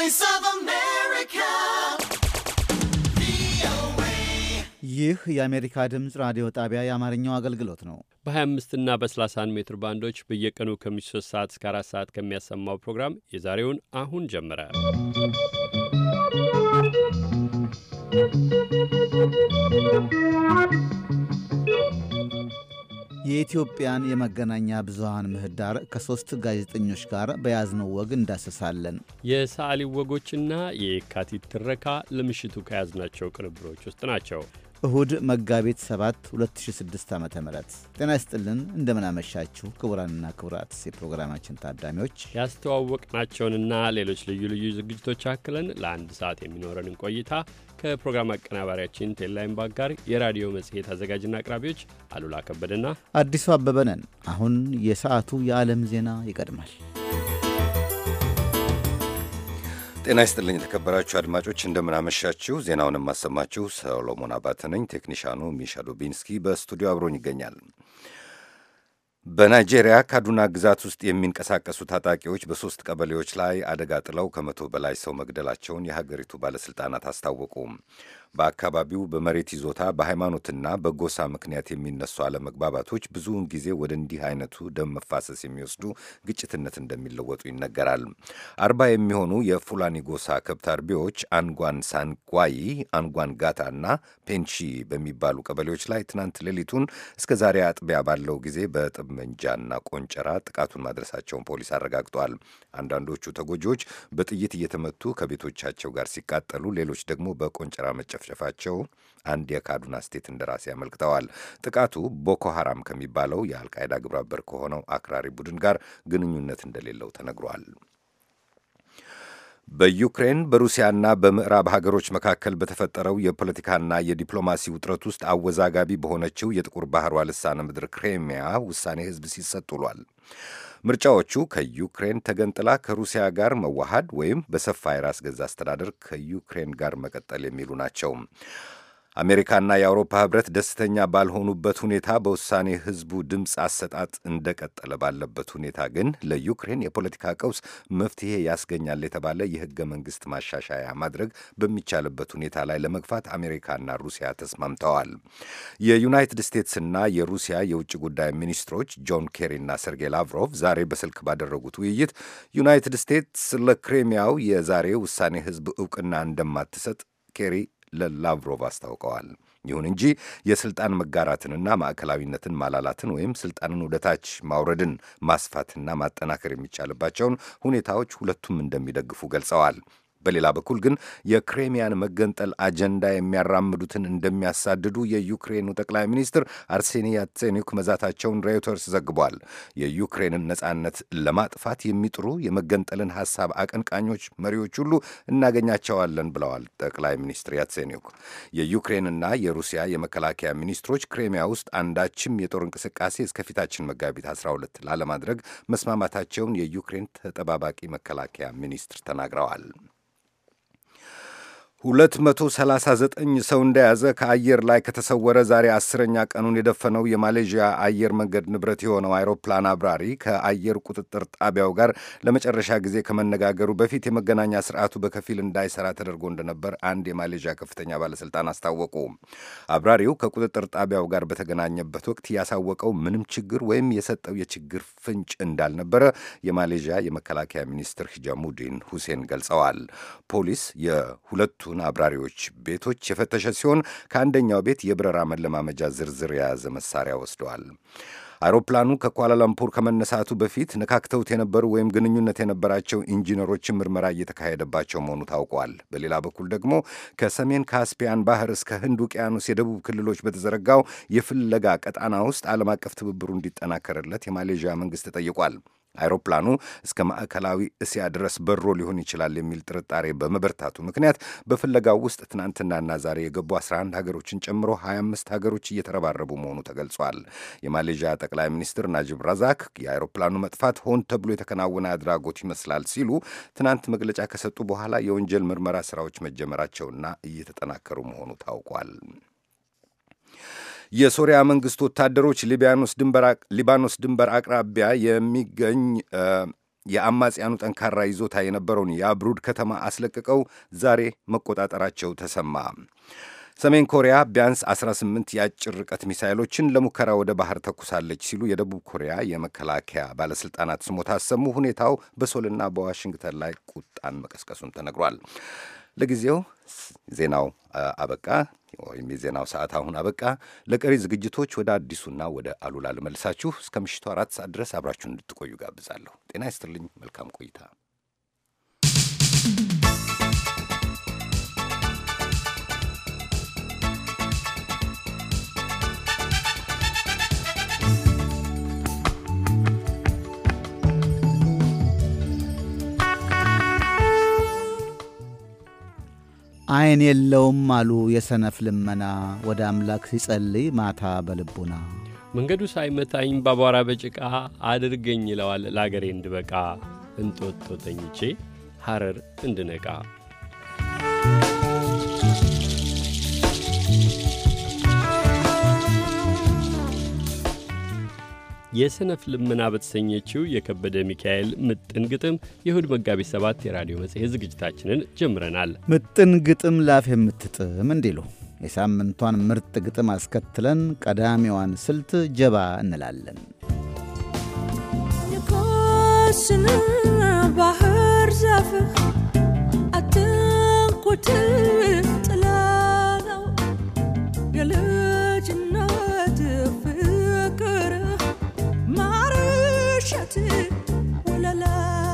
Voice of America. ይህ የአሜሪካ ድምፅ ራዲዮ ጣቢያ የአማርኛው አገልግሎት ነው። በ25 እና በ31 ሜትር ባንዶች በየቀኑ ከምሽቱ 3 ሰዓት እስከ 4 ሰዓት ከሚያሰማው ፕሮግራም የዛሬውን አሁን ጀመረ። ¶¶ የኢትዮጵያን የመገናኛ ብዙሃን ምህዳር ከሦስት ጋዜጠኞች ጋር በያዝነው ወግ እንዳሰሳለን። የሰዓሊ ወጎችና የካቲት ትረካ ለምሽቱ ከያዝናቸው ቅንብሮች ውስጥ ናቸው። እሁድ መጋቢት 7 2006 ዓ ም ጤና ይስጥልን። እንደምናመሻችሁ ክቡራንና ክቡራት የፕሮግራማችን ታዳሚዎች ያስተዋወቅናቸውንና ሌሎች ልዩ ልዩ ዝግጅቶች አክለን ለአንድ ሰዓት የሚኖረንን ቆይታ ከፕሮግራም አቀናባሪያችን ባክ ጋር የራዲዮ መጽሔት አዘጋጅና አቅራቢዎች አሉላ ከበደና አዲሱ አበበ ነን። አሁን የሰዓቱ የዓለም ዜና ይቀድማል። ጤና ይስጥልኝ የተከበራችሁ አድማጮች፣ እንደምናመሻችሁ። ዜናውን የማሰማችሁ ሰሎሞን አባተ ነኝ። ቴክኒሻኑ ሚሻ ዱቢንስኪ በስቱዲዮ አብሮኝ ይገኛል። በናይጄሪያ ካዱና ግዛት ውስጥ የሚንቀሳቀሱ ታጣቂዎች በሦስት ቀበሌዎች ላይ አደጋ ጥለው ከመቶ በላይ ሰው መግደላቸውን የሀገሪቱ ባለሥልጣናት አስታወቁ። በአካባቢው በመሬት ይዞታ በሃይማኖትና በጎሳ ምክንያት የሚነሱ አለመግባባቶች ብዙውን ጊዜ ወደ እንዲህ አይነቱ ደም መፋሰስ የሚወስዱ ግጭትነት እንደሚለወጡ ይነገራል። አርባ የሚሆኑ የፉላኒ ጎሳ ከብት አርቢዎች አንጓን ሳንጓይ፣ አንጓን ጋታ እና ፔንቺ በሚባሉ ቀበሌዎች ላይ ትናንት ሌሊቱን እስከ ዛሬ አጥቢያ ባለው ጊዜ በጠመንጃና ቆንጨራ ጥቃቱን ማድረሳቸውን ፖሊስ አረጋግጧል። አንዳንዶቹ ተጎጂዎች በጥይት እየተመቱ ከቤቶቻቸው ጋር ሲቃጠሉ፣ ሌሎች ደግሞ በቆንጨራ መጨፍ መጨፍጨፋቸው አንድ የካዱና ስቴት እንደራሴ አመልክተዋል። ጥቃቱ ቦኮ ሐራም ከሚባለው የአልቃይዳ ግብረአበር ከሆነው አክራሪ ቡድን ጋር ግንኙነት እንደሌለው ተነግሯል። በዩክሬን በሩሲያና በምዕራብ ሀገሮች መካከል በተፈጠረው የፖለቲካና የዲፕሎማሲ ውጥረት ውስጥ አወዛጋቢ በሆነችው የጥቁር ባህሯ ልሳነ ምድር ክሬሚያ ውሳኔ ሕዝብ ሲሰጥ ውሏል። ምርጫዎቹ ከዩክሬን ተገንጥላ ከሩሲያ ጋር መዋሃድ ወይም በሰፋ የራስ ገዛ አስተዳደር ከዩክሬን ጋር መቀጠል የሚሉ ናቸው። አሜሪካና የአውሮፓ ህብረት ደስተኛ ባልሆኑበት ሁኔታ በውሳኔ ህዝቡ ድምፅ አሰጣጥ እንደቀጠለ ባለበት ሁኔታ ግን ለዩክሬን የፖለቲካ ቀውስ መፍትሄ ያስገኛል የተባለ የህገ መንግስት ማሻሻያ ማድረግ በሚቻልበት ሁኔታ ላይ ለመግፋት አሜሪካና ሩሲያ ተስማምተዋል። የዩናይትድ ስቴትስና የሩሲያ የውጭ ጉዳይ ሚኒስትሮች ጆን ኬሪና ሰርጌይ ላቭሮቭ ዛሬ በስልክ ባደረጉት ውይይት ዩናይትድ ስቴትስ ለክሬሚያው የዛሬ ውሳኔ ህዝብ እውቅና እንደማትሰጥ ኬሪ ለላቭሮቭ አስታውቀዋል። ይሁን እንጂ የስልጣን መጋራትንና ማዕከላዊነትን ማላላትን ወይም ስልጣንን ወደታች ማውረድን ማስፋትና ማጠናከር የሚቻልባቸውን ሁኔታዎች ሁለቱም እንደሚደግፉ ገልጸዋል። በሌላ በኩል ግን የክሬሚያን መገንጠል አጀንዳ የሚያራምዱትን እንደሚያሳድዱ የዩክሬኑ ጠቅላይ ሚኒስትር አርሴኒ ያትሴኒዩክ መዛታቸውን ሬውተርስ ዘግቧል። የዩክሬንን ነጻነት ለማጥፋት የሚጥሩ የመገንጠልን ሐሳብ አቀንቃኞች መሪዎች ሁሉ እናገኛቸዋለን ብለዋል ጠቅላይ ሚኒስትር ያትሴኒዩክ። የዩክሬንና የሩሲያ የመከላከያ ሚኒስትሮች ክሬሚያ ውስጥ አንዳችም የጦር እንቅስቃሴ እስከፊታችን መጋቢት 12 ላለማድረግ መስማማታቸውን የዩክሬን ተጠባባቂ መከላከያ ሚኒስትር ተናግረዋል። 239 ሰው እንደያዘ ከአየር ላይ ከተሰወረ ዛሬ አስረኛ ቀኑን የደፈነው የማሌዥያ አየር መንገድ ንብረት የሆነው አይሮፕላን አብራሪ ከአየር ቁጥጥር ጣቢያው ጋር ለመጨረሻ ጊዜ ከመነጋገሩ በፊት የመገናኛ ስርዓቱ በከፊል እንዳይሰራ ተደርጎ እንደነበር አንድ የማሌዥያ ከፍተኛ ባለስልጣን አስታወቁ። አብራሪው ከቁጥጥር ጣቢያው ጋር በተገናኘበት ወቅት ያሳወቀው ምንም ችግር ወይም የሰጠው የችግር ፍንጭ እንዳልነበረ የማሌዥያ የመከላከያ ሚኒስትር ሂጃሙዲን ሁሴን ገልጸዋል። ፖሊስ የሁለቱ የሁለቱን አብራሪዎች ቤቶች የፈተሸ ሲሆን ከአንደኛው ቤት የበረራ መለማመጃ ዝርዝር የያዘ መሳሪያ ወስደዋል። አውሮፕላኑ ከኳላላምፑር ከመነሳቱ በፊት ነካክተውት የነበሩ ወይም ግንኙነት የነበራቸው ኢንጂነሮችን ምርመራ እየተካሄደባቸው መሆኑ ታውቋል። በሌላ በኩል ደግሞ ከሰሜን ካስፒያን ባህር እስከ ህንድ ውቅያኖስ የደቡብ ክልሎች በተዘረጋው የፍለጋ ቀጣና ውስጥ ዓለም አቀፍ ትብብሩ እንዲጠናከርለት የማሌዥያ መንግስት ተጠይቋል። አይሮፕላኑ እስከ ማዕከላዊ እስያ ድረስ በሮ ሊሆን ይችላል የሚል ጥርጣሬ በመበርታቱ ምክንያት በፍለጋው ውስጥ ትናንትናና ዛሬ የገቡ 11 ሀገሮችን ጨምሮ 25 ሀገሮች እየተረባረቡ መሆኑ ተገልጿል። የማሌዥያ ጠቅላይ ሚኒስትር ናጂብ ራዛክ የአይሮፕላኑ መጥፋት ሆን ተብሎ የተከናወነ አድራጎት ይመስላል ሲሉ ትናንት መግለጫ ከሰጡ በኋላ የወንጀል ምርመራ ስራዎች መጀመራቸውና እየተጠናከሩ መሆኑ ታውቋል። የሶሪያ መንግስት ወታደሮች ሊባኖስ ድንበር አቅራቢያ የሚገኝ የአማጽያኑ ጠንካራ ይዞታ የነበረውን የአብሩድ ከተማ አስለቅቀው ዛሬ መቆጣጠራቸው ተሰማ። ሰሜን ኮሪያ ቢያንስ 18 የአጭር ርቀት ሚሳይሎችን ለሙከራ ወደ ባህር ተኩሳለች ሲሉ የደቡብ ኮሪያ የመከላከያ ባለሥልጣናት ስሞታ አሰሙ። ሁኔታው በሶልና በዋሽንግተን ላይ ቁጣን መቀስቀሱን ተነግሯል። ለጊዜው ዜናው አበቃ ወይም የዜናው ሰዓት አሁን አበቃ። ለቀሪ ዝግጅቶች ወደ አዲሱና ወደ አሉላ ልመልሳችሁ። እስከ ምሽቱ አራት ሰዓት ድረስ አብራችሁን እንድትቆዩ ጋብዛለሁ። ጤና ይስጥልኝ። መልካም ቆይታ አይን የለውም አሉ የሰነፍ ልመና ወደ አምላክ ሲጸልይ ማታ በልቡና መንገዱ ሳይመታኝ ባቧራ በጭቃ አድርገኝ ይለዋል ለአገሬ እንድበቃ እንጦጦ ተኝቼ ሐረር እንድነቃ የሰነፍ ልመና በተሰኘችው የከበደ ሚካኤል ምጥን ግጥም የእሁድ መጋቢት ሰባት የራዲዮ መጽሔት ዝግጅታችንን ጀምረናል። ምጥን ግጥም ላፍ የምትጥም እንዲሉ የሳምንቷን ምርጥ ግጥም አስከትለን ቀዳሚዋን ስልት ጀባ እንላለን። የኮስን ባህር ዛፍ አትንኩት ጥላ ነው chatter. Oh la la.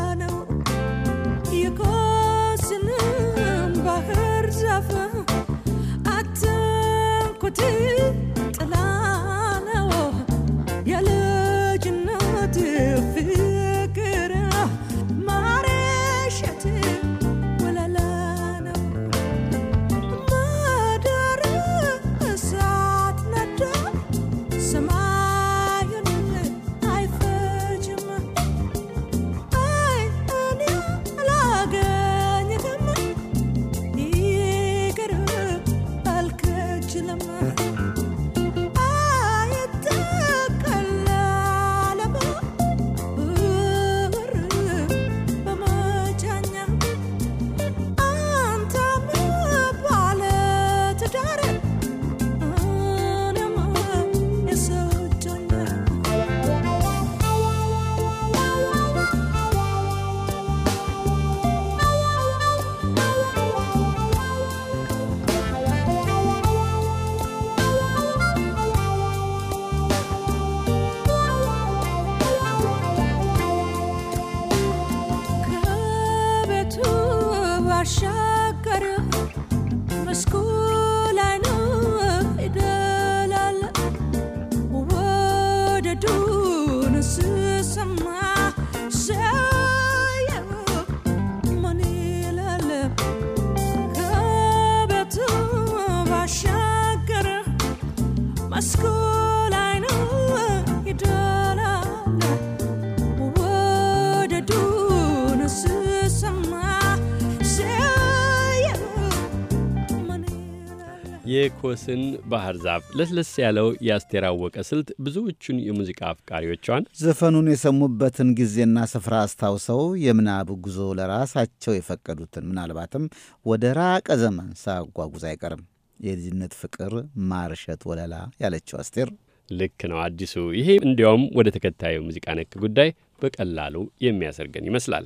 ኮስን ባህር ዛፍ ለስለስ ያለው ያስተራወቀ ስልት ብዙዎቹን የሙዚቃ አፍቃሪዎቿን ዘፈኑን የሰሙበትን ጊዜና ስፍራ አስታውሰው የምናብ ጉዞ ለራሳቸው የፈቀዱትን ምናልባትም ወደ ራቀ ዘመን ሳያጓጉዝ አይቀርም የልጅነት ፍቅር ማርሸት ወለላ ያለችው አስቴር ልክ ነው አዲሱ። ይሄ እንዲያውም ወደ ተከታዩ ሙዚቃ ነክ ጉዳይ በቀላሉ የሚያሰርገን ይመስላል።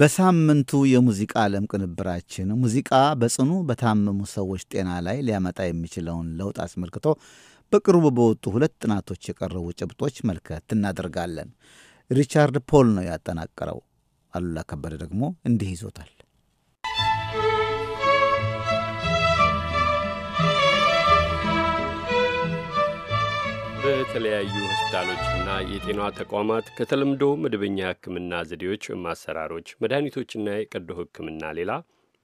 በሳምንቱ የሙዚቃ ዓለም ቅንብራችን ሙዚቃ በጽኑ በታመሙ ሰዎች ጤና ላይ ሊያመጣ የሚችለውን ለውጥ አስመልክቶ በቅርቡ በወጡ ሁለት ጥናቶች የቀረቡ ጭብጦች መልከት እናደርጋለን። ሪቻርድ ፖል ነው ያጠናቀረው። አሉላ ከበደ ደግሞ እንዲህ ይዞታል። በተለያዩ ሆስፒታሎችና የጤና ተቋማት ከተለምዶ መደበኛ ሕክምና ዘዴዎች ወይም አሰራሮች መድኃኒቶችና የቀዶ ሕክምና ሌላ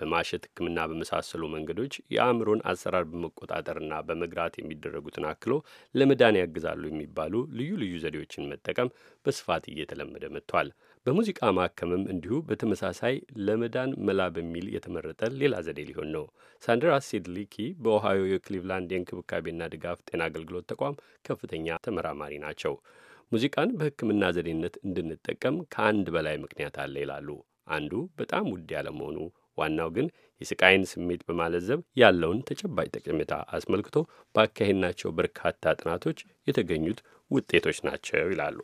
በማሸት ሕክምና በመሳሰሉ መንገዶች የአእምሮን አሰራር በመቆጣጠርና በመግራት የሚደረጉትን አክሎ ለመዳን ያግዛሉ የሚባሉ ልዩ ልዩ ዘዴዎችን መጠቀም በስፋት እየተለመደ መጥቷል። በሙዚቃ ማከምም እንዲሁ በተመሳሳይ ለመዳን መላ በሚል የተመረጠ ሌላ ዘዴ ሊሆን ነው። ሳንድራ ሲድሊኪ በኦሃዮ የክሊቭላንድ የእንክብካቤና ድጋፍ ጤና አገልግሎት ተቋም ከፍተኛ ተመራማሪ ናቸው። ሙዚቃን በሕክምና ዘዴነት እንድንጠቀም ከአንድ በላይ ምክንያት አለ ይላሉ። አንዱ በጣም ውድ ያለመሆኑ፣ ዋናው ግን የስቃይን ስሜት በማለዘብ ያለውን ተጨባጭ ጠቀሜታ አስመልክቶ ባካሄድናቸው በርካታ ጥናቶች የተገኙት ውጤቶች ናቸው ይላሉ።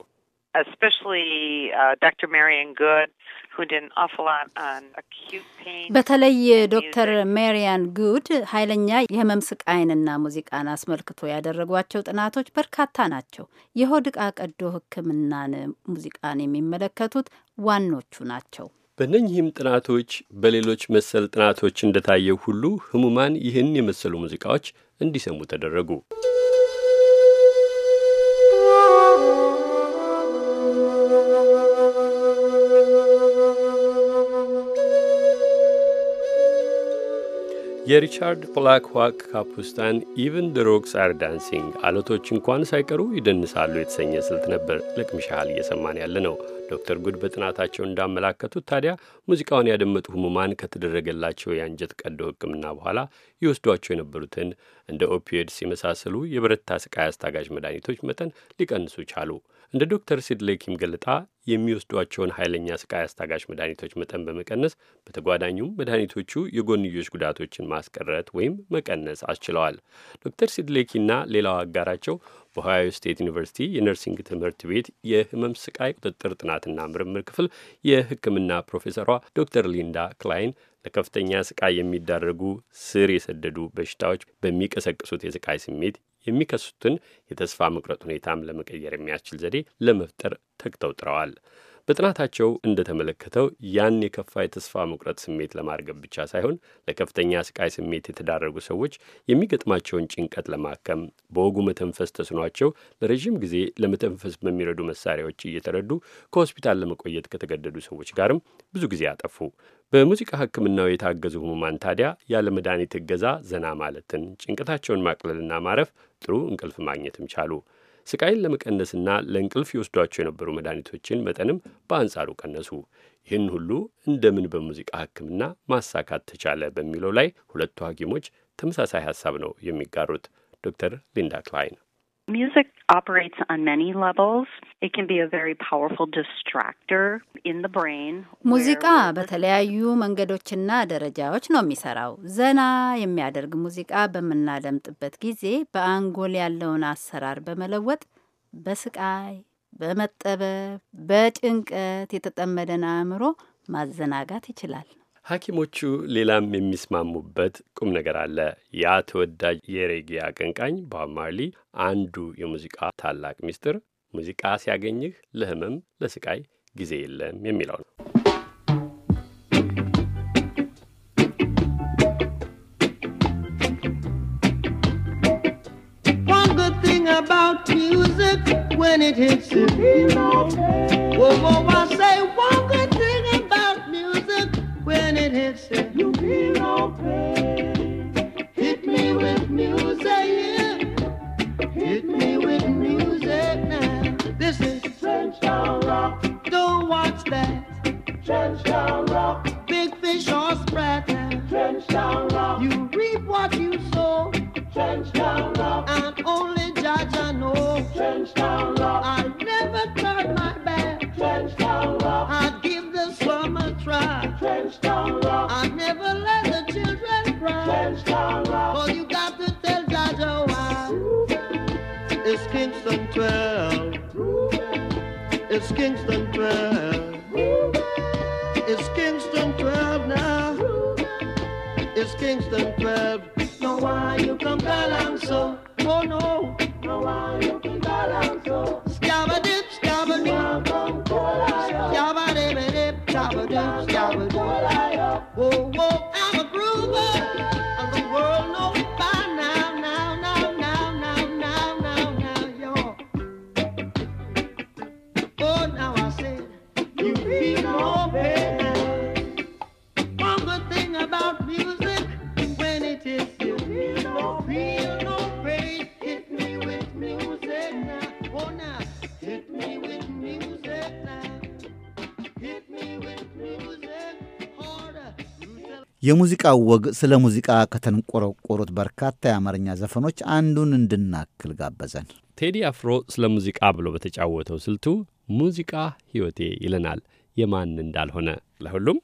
በተለይ ዶክተር ሜሪያን ጉድ ኃይለኛ የህመም ስቃይንና ሙዚቃን አስመልክቶ ያደረጓቸው ጥናቶች በርካታ ናቸው። የሆድ ዕቃ ቀዶ ሕክምናን ሙዚቃን የሚመለከቱት ዋኖቹ ናቸው። በእነኚህም ጥናቶች በሌሎች መሰል ጥናቶች እንደታየው ሁሉ ህሙማን ይህን የመሰሉ ሙዚቃዎች እንዲሰሙ ተደረጉ። የሪቻርድ ፕላክዋክ ካፑስታን ኢቨን ደ ሮክስ አር ዳንሲንግ አለቶች እንኳን ሳይቀሩ ይደንሳሉ የተሰኘ ስልት ነበር ለቅምሻህል እየሰማን ያለ ነው። ዶክተር ጉድ በጥናታቸው እንዳመላከቱት ታዲያ ሙዚቃውን ያደመጡ ህሙማን ከተደረገላቸው የአንጀት ቀዶ ሕክምና በኋላ ይወስዷቸው የነበሩትን እንደ ኦፒዮድስ የመሳሰሉ የበረታ ስቃይ አስታጋጅ መድኃኒቶች መጠን ሊቀንሱ ቻሉ። እንደ ዶክተር ሲድሌ ኪም ገለጣ የሚወስዷቸውን ኃይለኛ ስቃይ አስታጋሽ መድኃኒቶች መጠን በመቀነስ በተጓዳኙም መድኃኒቶቹ የጎንዮሽ ጉዳቶችን ማስቀረት ወይም መቀነስ አስችለዋል። ዶክተር ሲድሌኪና ሌላው አጋራቸው በኦሃዮ ስቴት ዩኒቨርሲቲ የነርሲንግ ትምህርት ቤት የህመም ስቃይ ቁጥጥር ጥናትና ምርምር ክፍል የሕክምና ፕሮፌሰሯ ዶክተር ሊንዳ ክላይን ለከፍተኛ ስቃይ የሚዳረጉ ስር የሰደዱ በሽታዎች በሚቀሰቅሱት የስቃይ ስሜት የሚከሱትን የተስፋ መቁረጥ ሁኔታም ለመቀየር የሚያስችል ዘዴ ለመፍጠር ተግተው ጥረዋል። በጥናታቸው እንደተመለከተው ያን የከፋ የተስፋ መቁረጥ ስሜት ለማርገብ ብቻ ሳይሆን ለከፍተኛ ስቃይ ስሜት የተዳረጉ ሰዎች የሚገጥማቸውን ጭንቀት ለማከም በወጉ መተንፈስ ተስኗቸው ለረዥም ጊዜ ለመተንፈስ በሚረዱ መሳሪያዎች እየተረዱ ከሆስፒታል ለመቆየት ከተገደዱ ሰዎች ጋርም ብዙ ጊዜ አጠፉ። በሙዚቃ ሕክምናው የታገዙ ህሙማን ታዲያ ያለ መድኃኒት እገዛ ዘና ማለትን፣ ጭንቀታቸውን ማቅለልና ማረፍ፣ ጥሩ እንቅልፍ ማግኘትም ቻሉ። ስቃይን ለመቀነስና ለእንቅልፍ ይወስዷቸው የነበሩ መድኃኒቶችን መጠንም በአንጻሩ ቀነሱ። ይህን ሁሉ እንደምን በሙዚቃ ሕክምና ማሳካት ተቻለ በሚለው ላይ ሁለቱ ሐኪሞች ተመሳሳይ ሀሳብ ነው የሚጋሩት። ዶክተር ሊንዳ ክላይን Music operates on many levels. It can be a very powerful distractor in the brain. ሙዚቃ በተለያዩ መንገዶችና ደረጃዎች ነው የሚሰራው። ዘና የሚያደርግ ሙዚቃ በምናደምጥበት ጊዜ በአንጎል ያለውን አሰራር በመለወጥ በስቃይ፣ በመጠበብ፣ በጭንቀት የተጠመደን አእምሮ ማዘናጋት ይችላል። ሐኪሞቹ ሌላም የሚስማሙበት ቁም ነገር አለ። ያ ተወዳጅ የሬጌ አቀንቃኝ ቦብ ማርሊ አንዱ የሙዚቃ ታላቅ ምስጢር ሙዚቃ ሲያገኝህ ለህመም ለስቃይ ጊዜ የለም የሚለው ነው። when it hits the beat. የሙዚቃው ወግ ስለ ሙዚቃ ከተንቆረቆሩት በርካታ የአማርኛ ዘፈኖች አንዱን እንድናክል ጋበዘን። ቴዲ አፍሮ ስለ ሙዚቃ ብሎ በተጫወተው ስልቱ ሙዚቃ ሕይወቴ ይለናል የማን እንዳልሆነ ለሁሉም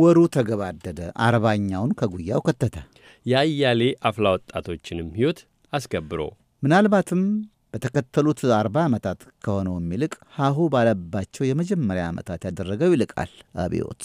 ወሩ ተገባደደ። አርባኛውን ከጉያው ከተተ። የአያሌ አፍላ ወጣቶችንም ሕይወት አስከብሮ ምናልባትም በተከተሉት አርባ ዓመታት ከሆነውም ይልቅ ሀሁ ባለባቸው የመጀመሪያ ዓመታት ያደረገው ይልቃል። አብዮት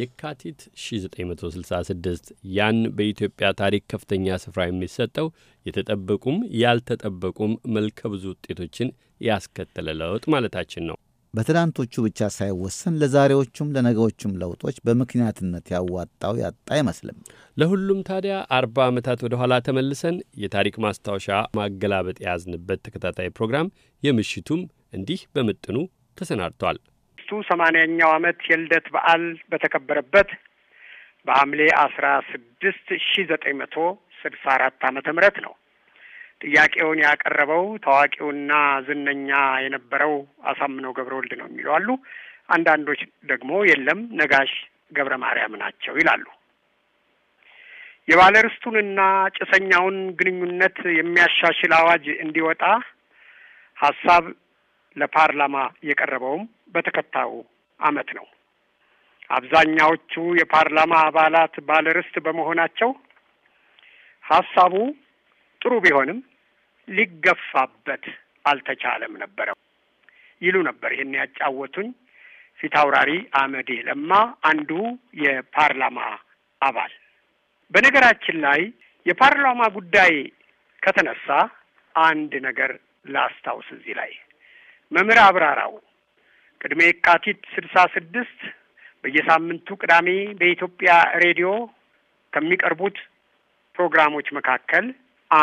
የካቲት 1966 ያን በኢትዮጵያ ታሪክ ከፍተኛ ስፍራ የሚሰጠው የተጠበቁም ያልተጠበቁም መልከ ብዙ ውጤቶችን ያስከተለ ለውጥ ማለታችን ነው። በትናንቶቹ ብቻ ሳይወሰን ለዛሬዎቹም ለነገዎቹም ለውጦች በምክንያትነት ያዋጣው ያጣ አይመስልም። ለሁሉም ታዲያ አርባ ዓመታት ወደ ኋላ ተመልሰን የታሪክ ማስታወሻ ማገላበጥ የያዝንበት ተከታታይ ፕሮግራም የምሽቱም እንዲህ በምጥኑ ተሰናድቷል። ሱ ሰማንያኛው ዓመት የልደት በዓል በተከበረበት በሐምሌ አስራ ስድስት ሺ ዘጠኝ መቶ ስድሳ አራት ዓመተ ምህረት ነው ጥያቄውን ያቀረበው ታዋቂውና ዝነኛ የነበረው አሳምነው ገብረ ወልድ ነው የሚሉ አሉ። አንዳንዶች ደግሞ የለም ነጋሽ ገብረ ማርያም ናቸው ይላሉ። የባለርስቱንና ጭሰኛውን ግንኙነት የሚያሻሽል አዋጅ እንዲወጣ ሀሳብ ለፓርላማ የቀረበውም በተከታዩ ዓመት ነው። አብዛኛዎቹ የፓርላማ አባላት ባለርስት በመሆናቸው ሀሳቡ ጥሩ ቢሆንም ሊገፋበት አልተቻለም ነበረ ይሉ ነበር። ይህን ያጫወቱኝ ፊት አውራሪ አመዴ ለማ አንዱ የፓርላማ አባል። በነገራችን ላይ የፓርላማ ጉዳይ ከተነሳ አንድ ነገር ላስታውስ። እዚህ ላይ መምህር አብራራው ቅድሜ የካቲት ስድሳ ስድስት በየሳምንቱ ቅዳሜ በኢትዮጵያ ሬዲዮ ከሚቀርቡት ፕሮግራሞች መካከል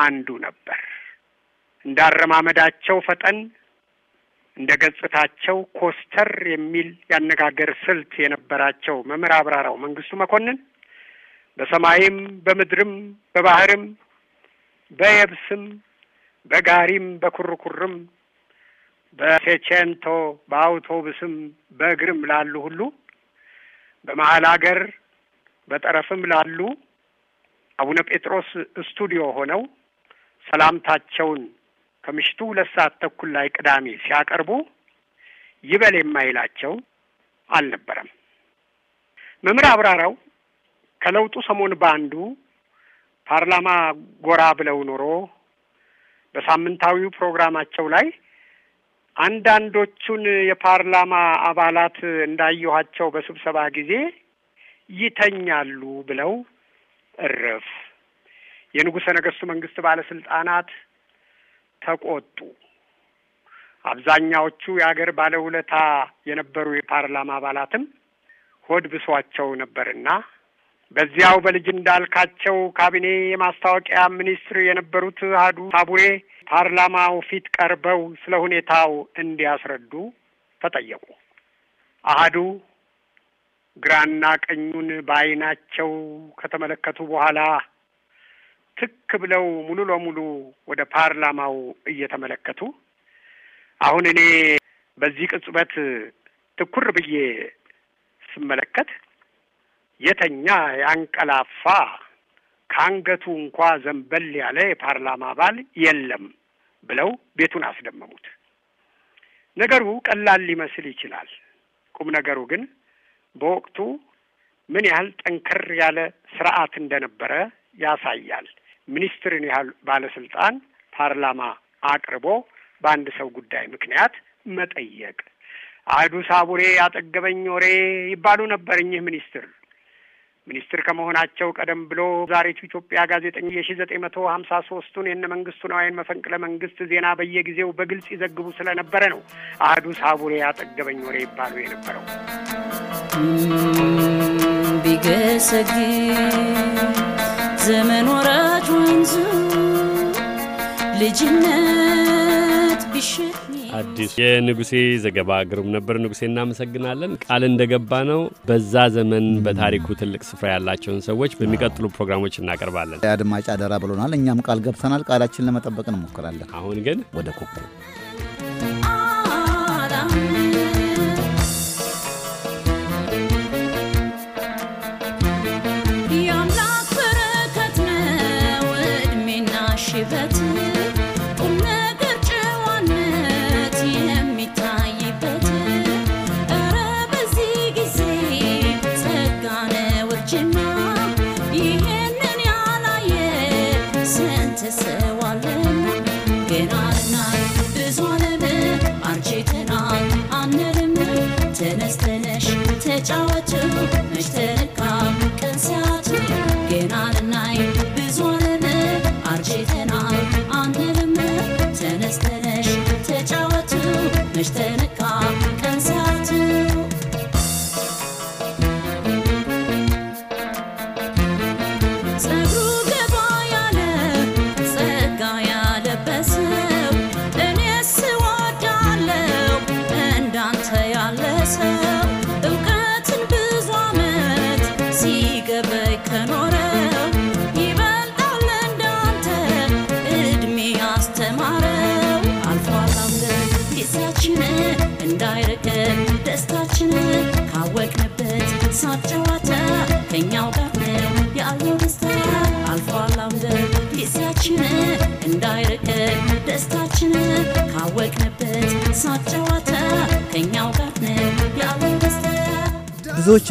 አንዱ ነበር። እንዳረማመዳቸው ፈጠን እንደ ገጽታቸው ኮስተር የሚል ያነጋገር ስልት የነበራቸው መምህር አብራራው መንግስቱ መኮንን በሰማይም በምድርም በባህርም በየብስም በጋሪም በኩርኩርም በሴቼንቶ በአውቶቡስም በእግርም ላሉ ሁሉ በመሀል አገር በጠረፍም ላሉ አቡነ ጴጥሮስ ስቱዲዮ ሆነው ሰላምታቸውን ከምሽቱ ሁለት ሰዓት ተኩል ላይ ቅዳሜ ሲያቀርቡ ይበል የማይላቸው አልነበረም። መምህር አብራራው ከለውጡ ሰሞን በአንዱ ፓርላማ ጎራ ብለው ኖሮ በሳምንታዊው ፕሮግራማቸው ላይ አንዳንዶቹን የፓርላማ አባላት እንዳየኋቸው በስብሰባ ጊዜ ይተኛሉ ብለው እርፍ የንጉሠ ነገሥቱ መንግስት ባለስልጣናት ተቆጡ። አብዛኛዎቹ የአገር ባለውለታ የነበሩ የፓርላማ አባላትም ሆድ ብሷቸው ነበርና በዚያው በልጅ እንዳልካቸው ካቢኔ የማስታወቂያ ሚኒስትር የነበሩት አህዱ ታቡሬ ፓርላማው ፊት ቀርበው ስለ ሁኔታው እንዲያስረዱ ተጠየቁ። አህዱ ግራና ቀኙን በዓይናቸው ከተመለከቱ በኋላ ትክ ብለው ሙሉ ለሙሉ ወደ ፓርላማው እየተመለከቱ አሁን እኔ በዚህ ቅጽበት ትኩር ብዬ ስመለከት የተኛ ያንቀላፋ ከአንገቱ እንኳ ዘንበል ያለ የፓርላማ አባል የለም ብለው ቤቱን አስደመሙት። ነገሩ ቀላል ሊመስል ይችላል። ቁም ነገሩ ግን በወቅቱ ምን ያህል ጠንከር ያለ ስርዓት እንደነበረ ያሳያል። ሚኒስትርን ያህል ባለስልጣን ፓርላማ አቅርቦ በአንድ ሰው ጉዳይ ምክንያት መጠየቅ አህዱ ሳቡሬ አጠገበኝ ወሬ ይባሉ ነበር። እኚህ ሚኒስትር ሚኒስትር ከመሆናቸው ቀደም ብሎ ዛሬቱ ኢትዮጵያ ጋዜጠኝ የሺ ዘጠኝ መቶ ሀምሳ ሶስቱን የነ መንግስቱ ነዋይን መፈንቅለ መንግስት ዜና በየጊዜው በግልጽ ይዘግቡ ስለነበረ ነው አህዱ ሳቡሬ አጠገበኝ ወሬ ይባሉ የነበረው ቢገሰግ ዘመን ወራጅ ወንዙ ልጅነት ቢሸኝ አዲሱ የንጉሴ ዘገባ ግሩም ነበር። ንጉሴ እናመሰግናለን። ቃል እንደገባ ነው በዛ ዘመን በታሪኩ ትልቅ ስፍራ ያላቸውን ሰዎች በሚቀጥሉ ፕሮግራሞች እናቀርባለን። አድማጭ አደራ ብሎናል። እኛም ቃል ገብተናል። ቃላችን ለመጠበቅ እንሞክራለን። አሁን ግን ወደ ኮኮብ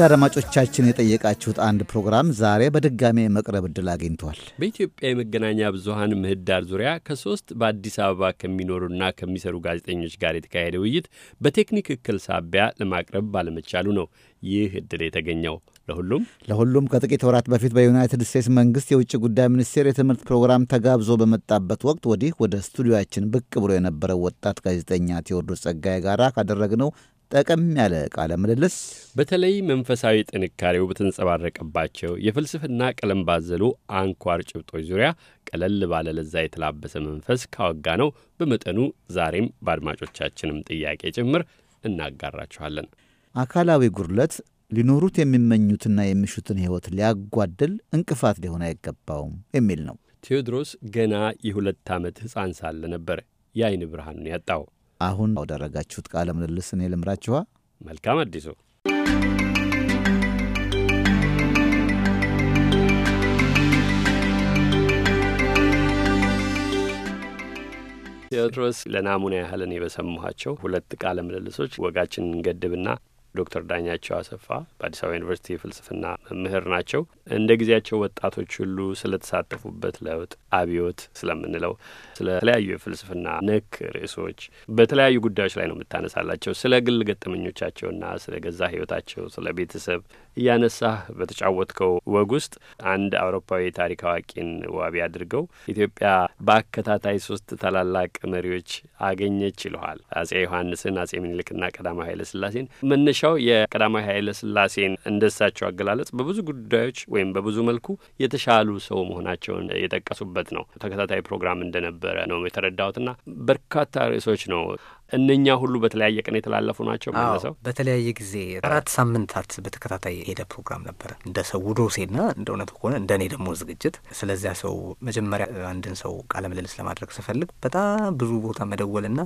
አድማጮቻችን የጠየቃችሁት አንድ ፕሮግራም ዛሬ በድጋሚ መቅረብ እድል አግኝቷል። በኢትዮጵያ የመገናኛ ብዙሀን ምህዳር ዙሪያ ከሶስት በአዲስ አበባ ከሚኖሩና ከሚሰሩ ጋዜጠኞች ጋር የተካሄደ ውይይት በቴክኒክ እክል ሳቢያ ለማቅረብ ባለመቻሉ ነው ይህ እድል የተገኘው። ለሁሉም ለሁሉም ከጥቂት ወራት በፊት በዩናይትድ ስቴትስ መንግስት የውጭ ጉዳይ ሚኒስቴር የትምህርት ፕሮግራም ተጋብዞ በመጣበት ወቅት ወዲህ ወደ ስቱዲዮችን ብቅ ብሎ የነበረው ወጣት ጋዜጠኛ ቴዎድሮስ ጸጋዬ ጋራ ካደረግነው ጠቀም ያለ ቃለ ምልልስ በተለይ መንፈሳዊ ጥንካሬው በተንጸባረቀባቸው የፍልስፍና ቀለም ባዘሉ አንኳር ጭብጦች ዙሪያ ቀለል ባለ ለዛ የተላበሰ መንፈስ ካወጋ ነው በመጠኑ ዛሬም በአድማጮቻችንም ጥያቄ ጭምር እናጋራችኋለን። አካላዊ ጉድለት ሊኖሩት የሚመኙትና የሚሹትን ሕይወት ሊያጓድል እንቅፋት ሊሆን አይገባውም የሚል ነው። ቴዎድሮስ ገና የሁለት ዓመት ሕፃን ሳለ ነበር የአይን ብርሃኑን ያጣው። አሁን ያደረጋችሁት ቃለ ምልልስ እኔ ልምራችኋ። መልካም አዲሱ ቴዎድሮስ ለናሙና ያህልን የበሰማኋቸው ሁለት ቃለ ምልልሶች ወጋችን እንገድብና ዶክተር ዳኛቸው አሰፋ በአዲስ አበባ ዩኒቨርሲቲ የፍልስፍና መምህር ናቸው። እንደ ጊዜያቸው ወጣቶች ሁሉ ስለተሳተፉበት ለውጥ አብዮት ስለምንለው ስለተለያዩ የፍልስፍና ነክ ርዕሶች በተለያዩ ጉዳዮች ላይ ነው የምታነሳላቸው። ስለ ግል ገጠመኞቻቸውና ስለ ገዛ ህይወታቸው፣ ስለ ቤተሰብ፣ እያነሳህ በተጫወትከው ወግ ውስጥ አንድ አውሮፓዊ ታሪክ አዋቂን ዋቢ አድርገው ኢትዮጵያ በአከታታይ ሶስት ታላላቅ መሪዎች አገኘች ይለዋል። አጼ ዮሐንስን፣ አጼ ምኒልክና ቀዳማዊ ኃይለ ስላሴን። መነሻው የቀዳማዊ ኃይለ ስላሴን እንደሳቸው አገላለጽ በብዙ ጉዳዮች ወይም በብዙ መልኩ የተሻሉ ሰው መሆናቸውን የጠቀሱበት ነው። ተከታታይ ፕሮግራም እንደነበረ ነው የተረዳሁትና በርካታ ርዕሶች ነው እነኛ ሁሉ በተለያየ ቀን የተላለፉ ናቸው። መለሰው በተለያየ ጊዜ አራት ሳምንታት በተከታታይ የሄደ ፕሮግራም ነበረ። እንደ ሰው ዶሴና እንደ እውነቱ ከሆነ እንደ እኔ ደግሞ ዝግጅት ስለዚያ ሰው መጀመሪያ አንድን ሰው ቃለ ምልልስ ለማድረግ ስፈልግ በጣም ብዙ ቦታ መደወልና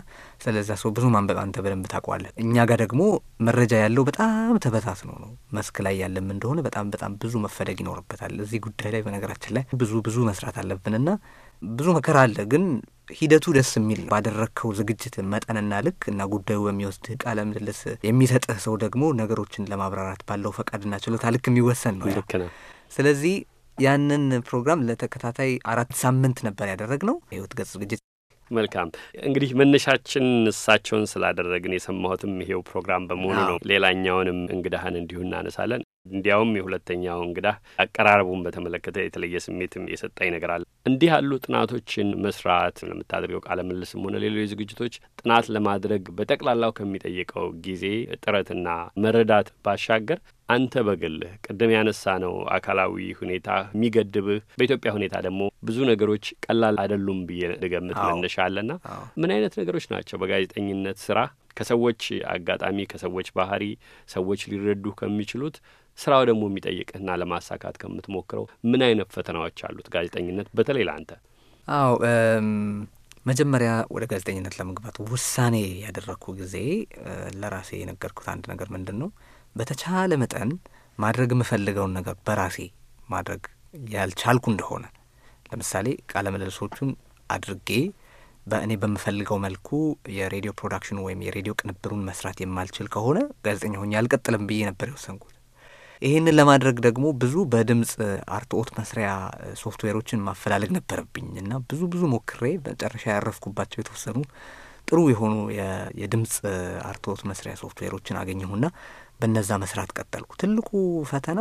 ስለዚያ ሰው ብዙ ማንበብ አንተ በደንብ ታውቀዋለህ። እኛ ጋር ደግሞ መረጃ ያለው በጣም ተበታትኖ ነው። መስክ ላይ ያለም እንደሆነ በጣም በጣም ብዙ መፈለግ ይኖርበታል። እዚህ ጉዳይ ላይ በነገራችን ላይ ብዙ ብዙ መስራት አለብንና ብዙ መከራ አለ ግን ሂደቱ ደስ የሚል ባደረግከው ዝግጅት መጠንና ልክ እና ጉዳዩ በሚወስድህ ቃለ ምልልስ የሚሰጥህ ሰው ደግሞ ነገሮችን ለማብራራት ባለው ፈቃድና ችሎታ ልክ የሚወሰን ነው። ስለዚህ ያንን ፕሮግራም ለተከታታይ አራት ሳምንት ነበር ያደረግነው የህይወት ገጽ ዝግጅት መልካም እንግዲህ መነሻችን እሳቸውን ስላደረግን የሰማሁትም ይሄው ፕሮግራም በመሆኑ ነው። ሌላኛውንም እንግዳህን እንዲሁ እናነሳለን። እንዲያውም የሁለተኛው እንግዳህ አቀራረቡን በተመለከተ የተለየ ስሜትም የሰጠኝ ነገር አለ። እንዲህ ያሉ ጥናቶችን መስራት ለምታደርገው ቃለ ምልልስም ሆነ ሌሎች ዝግጅቶች ጥናት ለማድረግ በጠቅላላው ከሚጠይቀው ጊዜ ጥረትና መረዳት ባሻገር አንተ በግልህ ቅድም ያነሳ ነው አካላዊ ሁኔታ የሚገድብህ በኢትዮጵያ ሁኔታ ደግሞ ብዙ ነገሮች ቀላል አይደሉም ብዬ ልገምት መነሻ አለና ምን አይነት ነገሮች ናቸው በጋዜጠኝነት ስራ ከሰዎች አጋጣሚ ከሰዎች ባህሪ ሰዎች ሊረዱ ከሚችሉት ስራው ደግሞ የሚጠይቅህና ለማሳካት ከምትሞክረው ምን አይነት ፈተናዎች አሉት ጋዜጠኝነት በተለይ ለአንተ? አዎ መጀመሪያ ወደ ጋዜጠኝነት ለመግባት ውሳኔ ያደረግኩ ጊዜ ለራሴ የነገርኩት አንድ ነገር ምንድን ነው በተቻለ መጠን ማድረግ የምፈልገውን ነገር በራሴ ማድረግ ያልቻልኩ እንደሆነ ለምሳሌ ቃለ ምልልሶቹን አድርጌ በእኔ በምፈልገው መልኩ የሬዲዮ ፕሮዳክሽን ወይም የሬዲዮ ቅንብሩን መስራት የማልችል ከሆነ ጋዜጠኛ ሆኜ አልቀጥልም ብዬ ነበር የወሰንኩት። ይህንን ለማድረግ ደግሞ ብዙ በድምፅ አርትኦት መስሪያ ሶፍትዌሮችን ማፈላለግ ነበረብኝ እና ብዙ ብዙ ሞክሬ መጨረሻ ያረፍኩባቸው የተወሰኑ ጥሩ የሆኑ የድምፅ አርትኦት መስሪያ ሶፍትዌሮችን አገኘሁና በነዛ መስራት ቀጠልኩ። ትልቁ ፈተና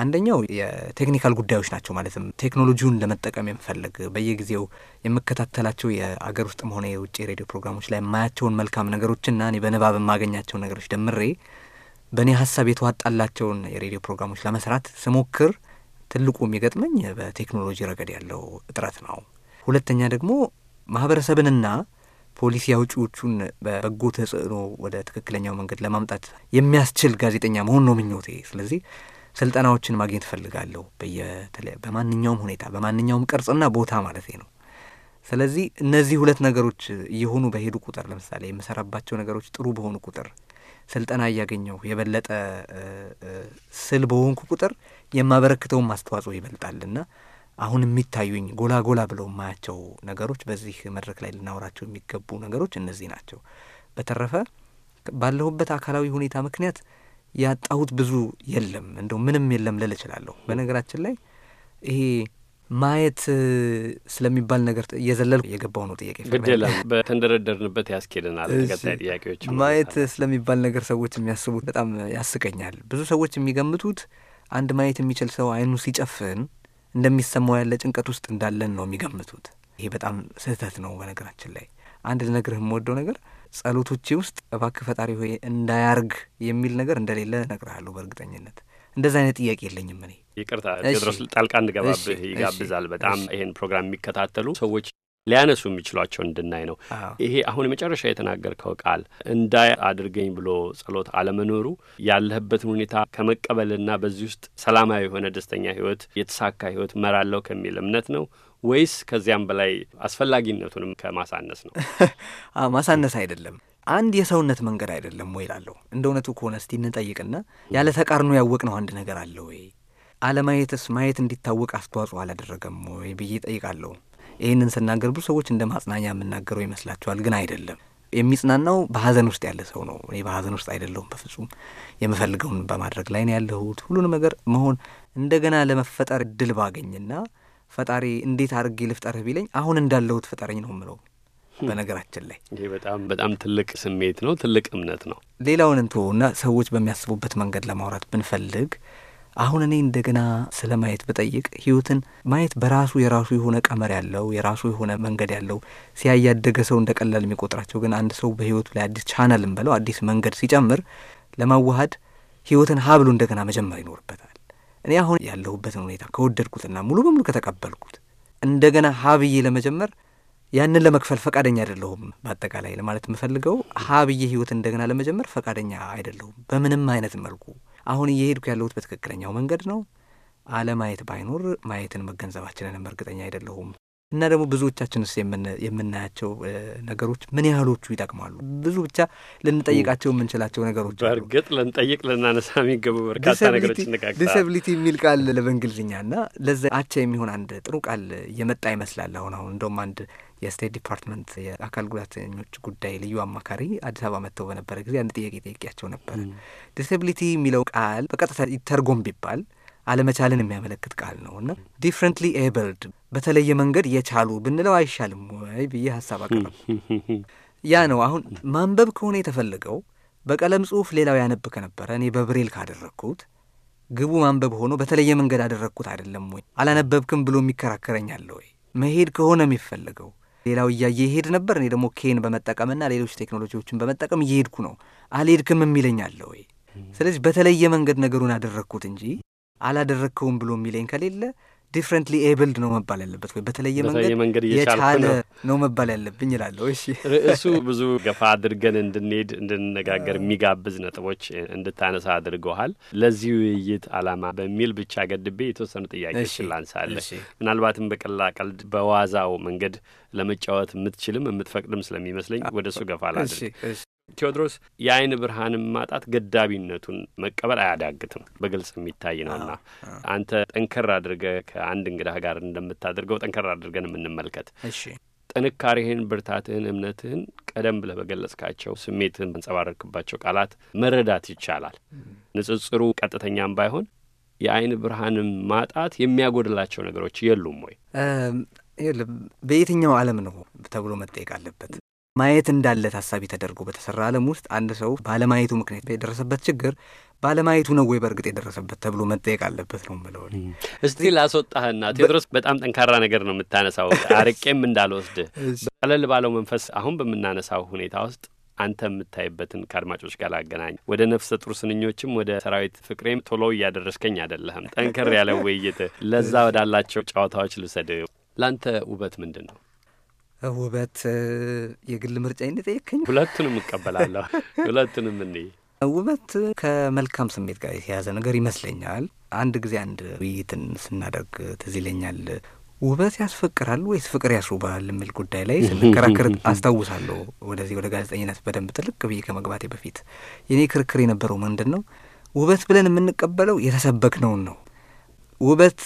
አንደኛው የቴክኒካል ጉዳዮች ናቸው። ማለትም ቴክኖሎጂውን ለመጠቀም የምፈልግ በየጊዜው የምከታተላቸው የአገር ውስጥም ሆነ የውጭ የሬዲዮ ፕሮግራሞች ላይ የማያቸውን መልካም ነገሮችና እኔ በንባብ የማገኛቸው ነገሮች ደምሬ በእኔ ሀሳብ የተዋጣላቸውን የሬዲዮ ፕሮግራሞች ለመስራት ስሞክር ትልቁ የሚገጥመኝ በቴክኖሎጂ ረገድ ያለው እጥረት ነው። ሁለተኛ ደግሞ ማህበረሰብንና ፖሊሲ አውጪዎቹን በበጎ ተጽዕኖ ወደ ትክክለኛው መንገድ ለማምጣት የሚያስችል ጋዜጠኛ መሆን ነው ምኞቴ። ስለዚህ ስልጠናዎችን ማግኘት እፈልጋለሁ፣ በማንኛውም ሁኔታ በማንኛውም ቅርጽና ቦታ ማለት ነው። ስለዚህ እነዚህ ሁለት ነገሮች እየሆኑ በሄዱ ቁጥር፣ ለምሳሌ የምሰራባቸው ነገሮች ጥሩ በሆኑ ቁጥር፣ ስልጠና እያገኘሁ የበለጠ ስል በሆንኩ ቁጥር የማበረክተውን ማስተዋጽኦ ይበልጣልና አሁን የሚታዩኝ ጎላ ጎላ ብለው የማያቸው ነገሮች በዚህ መድረክ ላይ ልናወራቸው የሚገቡ ነገሮች እነዚህ ናቸው። በተረፈ ባለሁበት አካላዊ ሁኔታ ምክንያት ያጣሁት ብዙ የለም፣ እንደው ምንም የለም ልል እችላለሁ። በነገራችን ላይ ይሄ ማየት ስለሚባል ነገር እየዘለል የገባው ነው ጥያቄ ግድላ በተንደረደርንበት ያስኬደናል። ተከታይ ጥያቄዎች ማየት ስለሚባል ነገር ሰዎች የሚያስቡት በጣም ያስቀኛል። ብዙ ሰዎች የሚገምቱት አንድ ማየት የሚችል ሰው አይኑ ሲጨፍን እንደሚሰማው ያለ ጭንቀት ውስጥ እንዳለን ነው የሚገምቱት። ይሄ በጣም ስህተት ነው። በነገራችን ላይ አንድ ልነግርህ የምወደው ነገር ጸሎቶቼ ውስጥ እባክህ ፈጣሪ ሆይ እንዳያርግ የሚል ነገር እንደሌለ እነግርሃለሁ በእርግጠኝነት። እንደዚህ አይነት ጥያቄ የለኝም እኔ። ይቅርታ ቴዎድሮስ ጣልቃ እንድገባብህ ይጋብዛል። በጣም ይህን ፕሮግራም የሚከታተሉ ሰዎች ሊያነሱ የሚችሏቸው እንድናይ ነው። ይሄ አሁን የመጨረሻ የተናገርከው ቃል እንዳይ አድርገኝ ብሎ ጸሎት አለመኖሩ ያለህበትን ሁኔታ ከመቀበልና በዚህ ውስጥ ሰላማዊ የሆነ ደስተኛ ህይወት፣ የተሳካ ህይወት መራለሁ ከሚል እምነት ነው ወይስ ከዚያም በላይ አስፈላጊነቱንም ከማሳነስ ነው? ማሳነስ አይደለም። አንድ የሰውነት መንገድ አይደለም ወይ ላለሁ እንደ እውነቱ ከሆነ እስቲ እንጠይቅና ያለ ተቃርኖ ያወቅነው አንድ ነገር አለ ወይ? አለማየትስ ማየት እንዲታወቅ አስተዋጽኦ አላደረገም ወይ ብዬ ጠይቃለሁ። ይህንን ስናገር ብዙ ሰዎች እንደ ማጽናኛ የምናገረው ይመስላቸዋል፣ ግን አይደለም። የሚጽናናው በሀዘን ውስጥ ያለ ሰው ነው። እኔ በሀዘን ውስጥ አይደለሁም፣ በፍጹም የምፈልገውን በማድረግ ላይ ነው ያለሁት። ሁሉንም ነገር መሆን እንደገና ለመፈጠር እድል ባገኝና ፈጣሪ እንዴት አድርጌ ልፍጠርህ ቢለኝ አሁን እንዳለሁት ፍጠረኝ ነው ምለው። hm በነገራችን ላይ ይህ በጣም በጣም ትልቅ ስሜት ነው፣ ትልቅ እምነት ነው። ሌላውን እንትሆና ሰዎች በሚያስቡበት መንገድ ለማውራት ብንፈልግ አሁን እኔ እንደገና ስለ ማየት ብጠይቅ ህይወትን ማየት በራሱ የራሱ የሆነ ቀመር ያለው የራሱ የሆነ መንገድ ያለው ሲያያደገ ሰው እንደ ቀላል የሚቆጥራቸው ግን አንድ ሰው በህይወቱ ላይ አዲስ ቻናል በለው አዲስ መንገድ ሲጨምር ለማዋሃድ ህይወትን ሀብሉ እንደገና መጀመር ይኖርበታል። እኔ አሁን ያለሁበትን ሁኔታ ከወደድኩትና ሙሉ በሙሉ ከተቀበልኩት እንደገና ሀብዬ ለመጀመር ያንን ለመክፈል ፈቃደኛ አይደለሁም። በአጠቃላይ ለማለት የምፈልገው ሀብዬ ህይወት እንደገና ለመጀመር ፈቃደኛ አይደለሁም በምንም አይነት መልኩ አሁን እየሄድኩ ያለሁት በትክክለኛው መንገድ ነው አለማየት ባይኖር ማየትን መገንዘባችንንም እርግጠኛ አይደለሁም እና ደግሞ ብዙዎቻችንስ የምናያቸው ነገሮች ምን ያህሎቹ ይጠቅማሉ? ብዙ ብቻ ልንጠይቃቸው የምንችላቸው ነገሮች በእርግጥ ልንጠይቅ ልናነሳ የሚገቡ በርካታ ነገሮች እንቃቅታ ዲሰብሊቲ የሚል ቃል ለበእንግሊዝኛ እና ለዛ አቻ የሚሆን አንድ ጥሩ ቃል እየመጣ ይመስላል። አሁን አሁን እንደውም አንድ የስቴት ዲፓርትመንት የአካል ጉዳተኞች ጉዳይ ልዩ አማካሪ አዲስ አበባ መጥተው በነበረ ጊዜ አንድ ጥያቄ ጠይቄያቸው ነበረ። ዲስብሊቲ የሚለው ቃል በቀጥታ ይተርጎም ቢባል አለመቻልን የሚያመለክት ቃል ነው እና ዲፍረንትሊ ኤብልድ በተለየ መንገድ የቻሉ ብንለው አይሻልም ወይ ብዬ ሀሳብ አቀረብ። ያ ነው አሁን ማንበብ ከሆነ የተፈለገው በቀለም ጽሁፍ ሌላው ያነብ ከነበረ እኔ በብሬል ካደረግኩት ግቡ ማንበብ ሆኖ በተለየ መንገድ አደረግኩት አይደለም ወይ? አላነበብክም ብሎ የሚከራከረኝ አለ ወይ? መሄድ ከሆነ የሚፈለገው ሌላው እያየ ይሄድ ነበር። እኔ ደግሞ ኬን በመጠቀምና ሌሎች ቴክኖሎጂዎችን በመጠቀም እየሄድኩ ነው። አልሄድክም የሚለኝ አለ ወይ? ስለዚህ በተለየ መንገድ ነገሩን አደረግኩት እንጂ አላደረግከውም ብሎ የሚለኝ ከሌለ ዲፍረንትሊ ኤብልድ ነው መባል ያለበት ወይ በተለየ መንገድ የቻለ ነው መባል ያለብኝ ይላለሁ። እሺ ርዕሱ ብዙ ገፋ አድርገን እንድንሄድ እንድንነጋገር የሚጋብዝ ነጥቦች እንድታነሳ አድርገሃል። ለዚህ ውይይት አላማ በሚል ብቻ ገድቤ የተወሰኑ ጥያቄዎችን ላንሳለህ። ምናልባትም በቀላ ቀልድ በዋዛው መንገድ ለመጫወት የምትችልም የምትፈቅድም ስለሚመስለኝ ወደ እሱ ገፋ ላድርግ። ቴዎድሮስ የአይን ብርሃንን ማጣት ገዳቢነቱን መቀበል አያዳግትም፣ በግልጽ የሚታይ ነውና አንተ ጠንከር አድርገ ከአንድ እንግዳህ ጋር እንደምታደርገው ጠንከር አድርገን የምንመልከት ጥንካሬህን፣ ብርታትህን፣ እምነትህን ቀደም ብለህ በገለጽካቸው ስሜትህን በንጸባረቅባቸው ቃላት መረዳት ይቻላል። ንጽጽሩ ቀጥተኛም ባይሆን የአይን ብርሃንን ማጣት የሚያጎድላቸው ነገሮች የሉም ወይ? በየትኛው ዓለም ነው ተብሎ መጠየቅ አለበት። ማየት እንዳለ ታሳቢ ተደርጎ በተሰራ ዓለም ውስጥ አንድ ሰው ባለማየቱ ምክንያት የደረሰበት ችግር ባለማየቱ ነው ወይ በእርግጥ የደረሰበት ተብሎ መጠየቅ አለበት ነው ምለው። እስቲ ላስወጣህና ቴዎድሮስ፣ በጣም ጠንካራ ነገር ነው የምታነሳው። አርቄም እንዳልወስድ ቀለል ባለው መንፈስ አሁን በምናነሳው ሁኔታ ውስጥ አንተ የምታይበትን ከአድማጮች ጋር አገናኝ። ወደ ነፍሰ ጡር ስንኞችም ወደ ሰራዊት ፍቅሬም ቶሎ እያደረስከኝ አይደለህም። ጠንከር ያለ ውይይት ለዛ ወዳላቸው ጨዋታዎች ልውሰድ። ለአንተ ውበት ምንድን ነው? ውበት የግል ምርጫ የጠየከኝ? ሁለቱንም እቀበላለሁ። ሁለቱንም እኔ ውበት ከመልካም ስሜት ጋር የተያዘ ነገር ይመስለኛል። አንድ ጊዜ አንድ ውይይትን ስናደርግ ትዝ ይለኛል። ውበት ያስፈቅራል ወይስ ፍቅር ያስውባል የሚል ጉዳይ ላይ ስንከራከር አስታውሳለሁ። ወደዚህ ወደ ጋዜጠኝነት በደንብ ጥልቅ ብዬ ከመግባቴ በፊት የኔ ክርክር የነበረው ምንድን ነው፣ ውበት ብለን የምንቀበለው የተሰበክነውን ነው። ውበት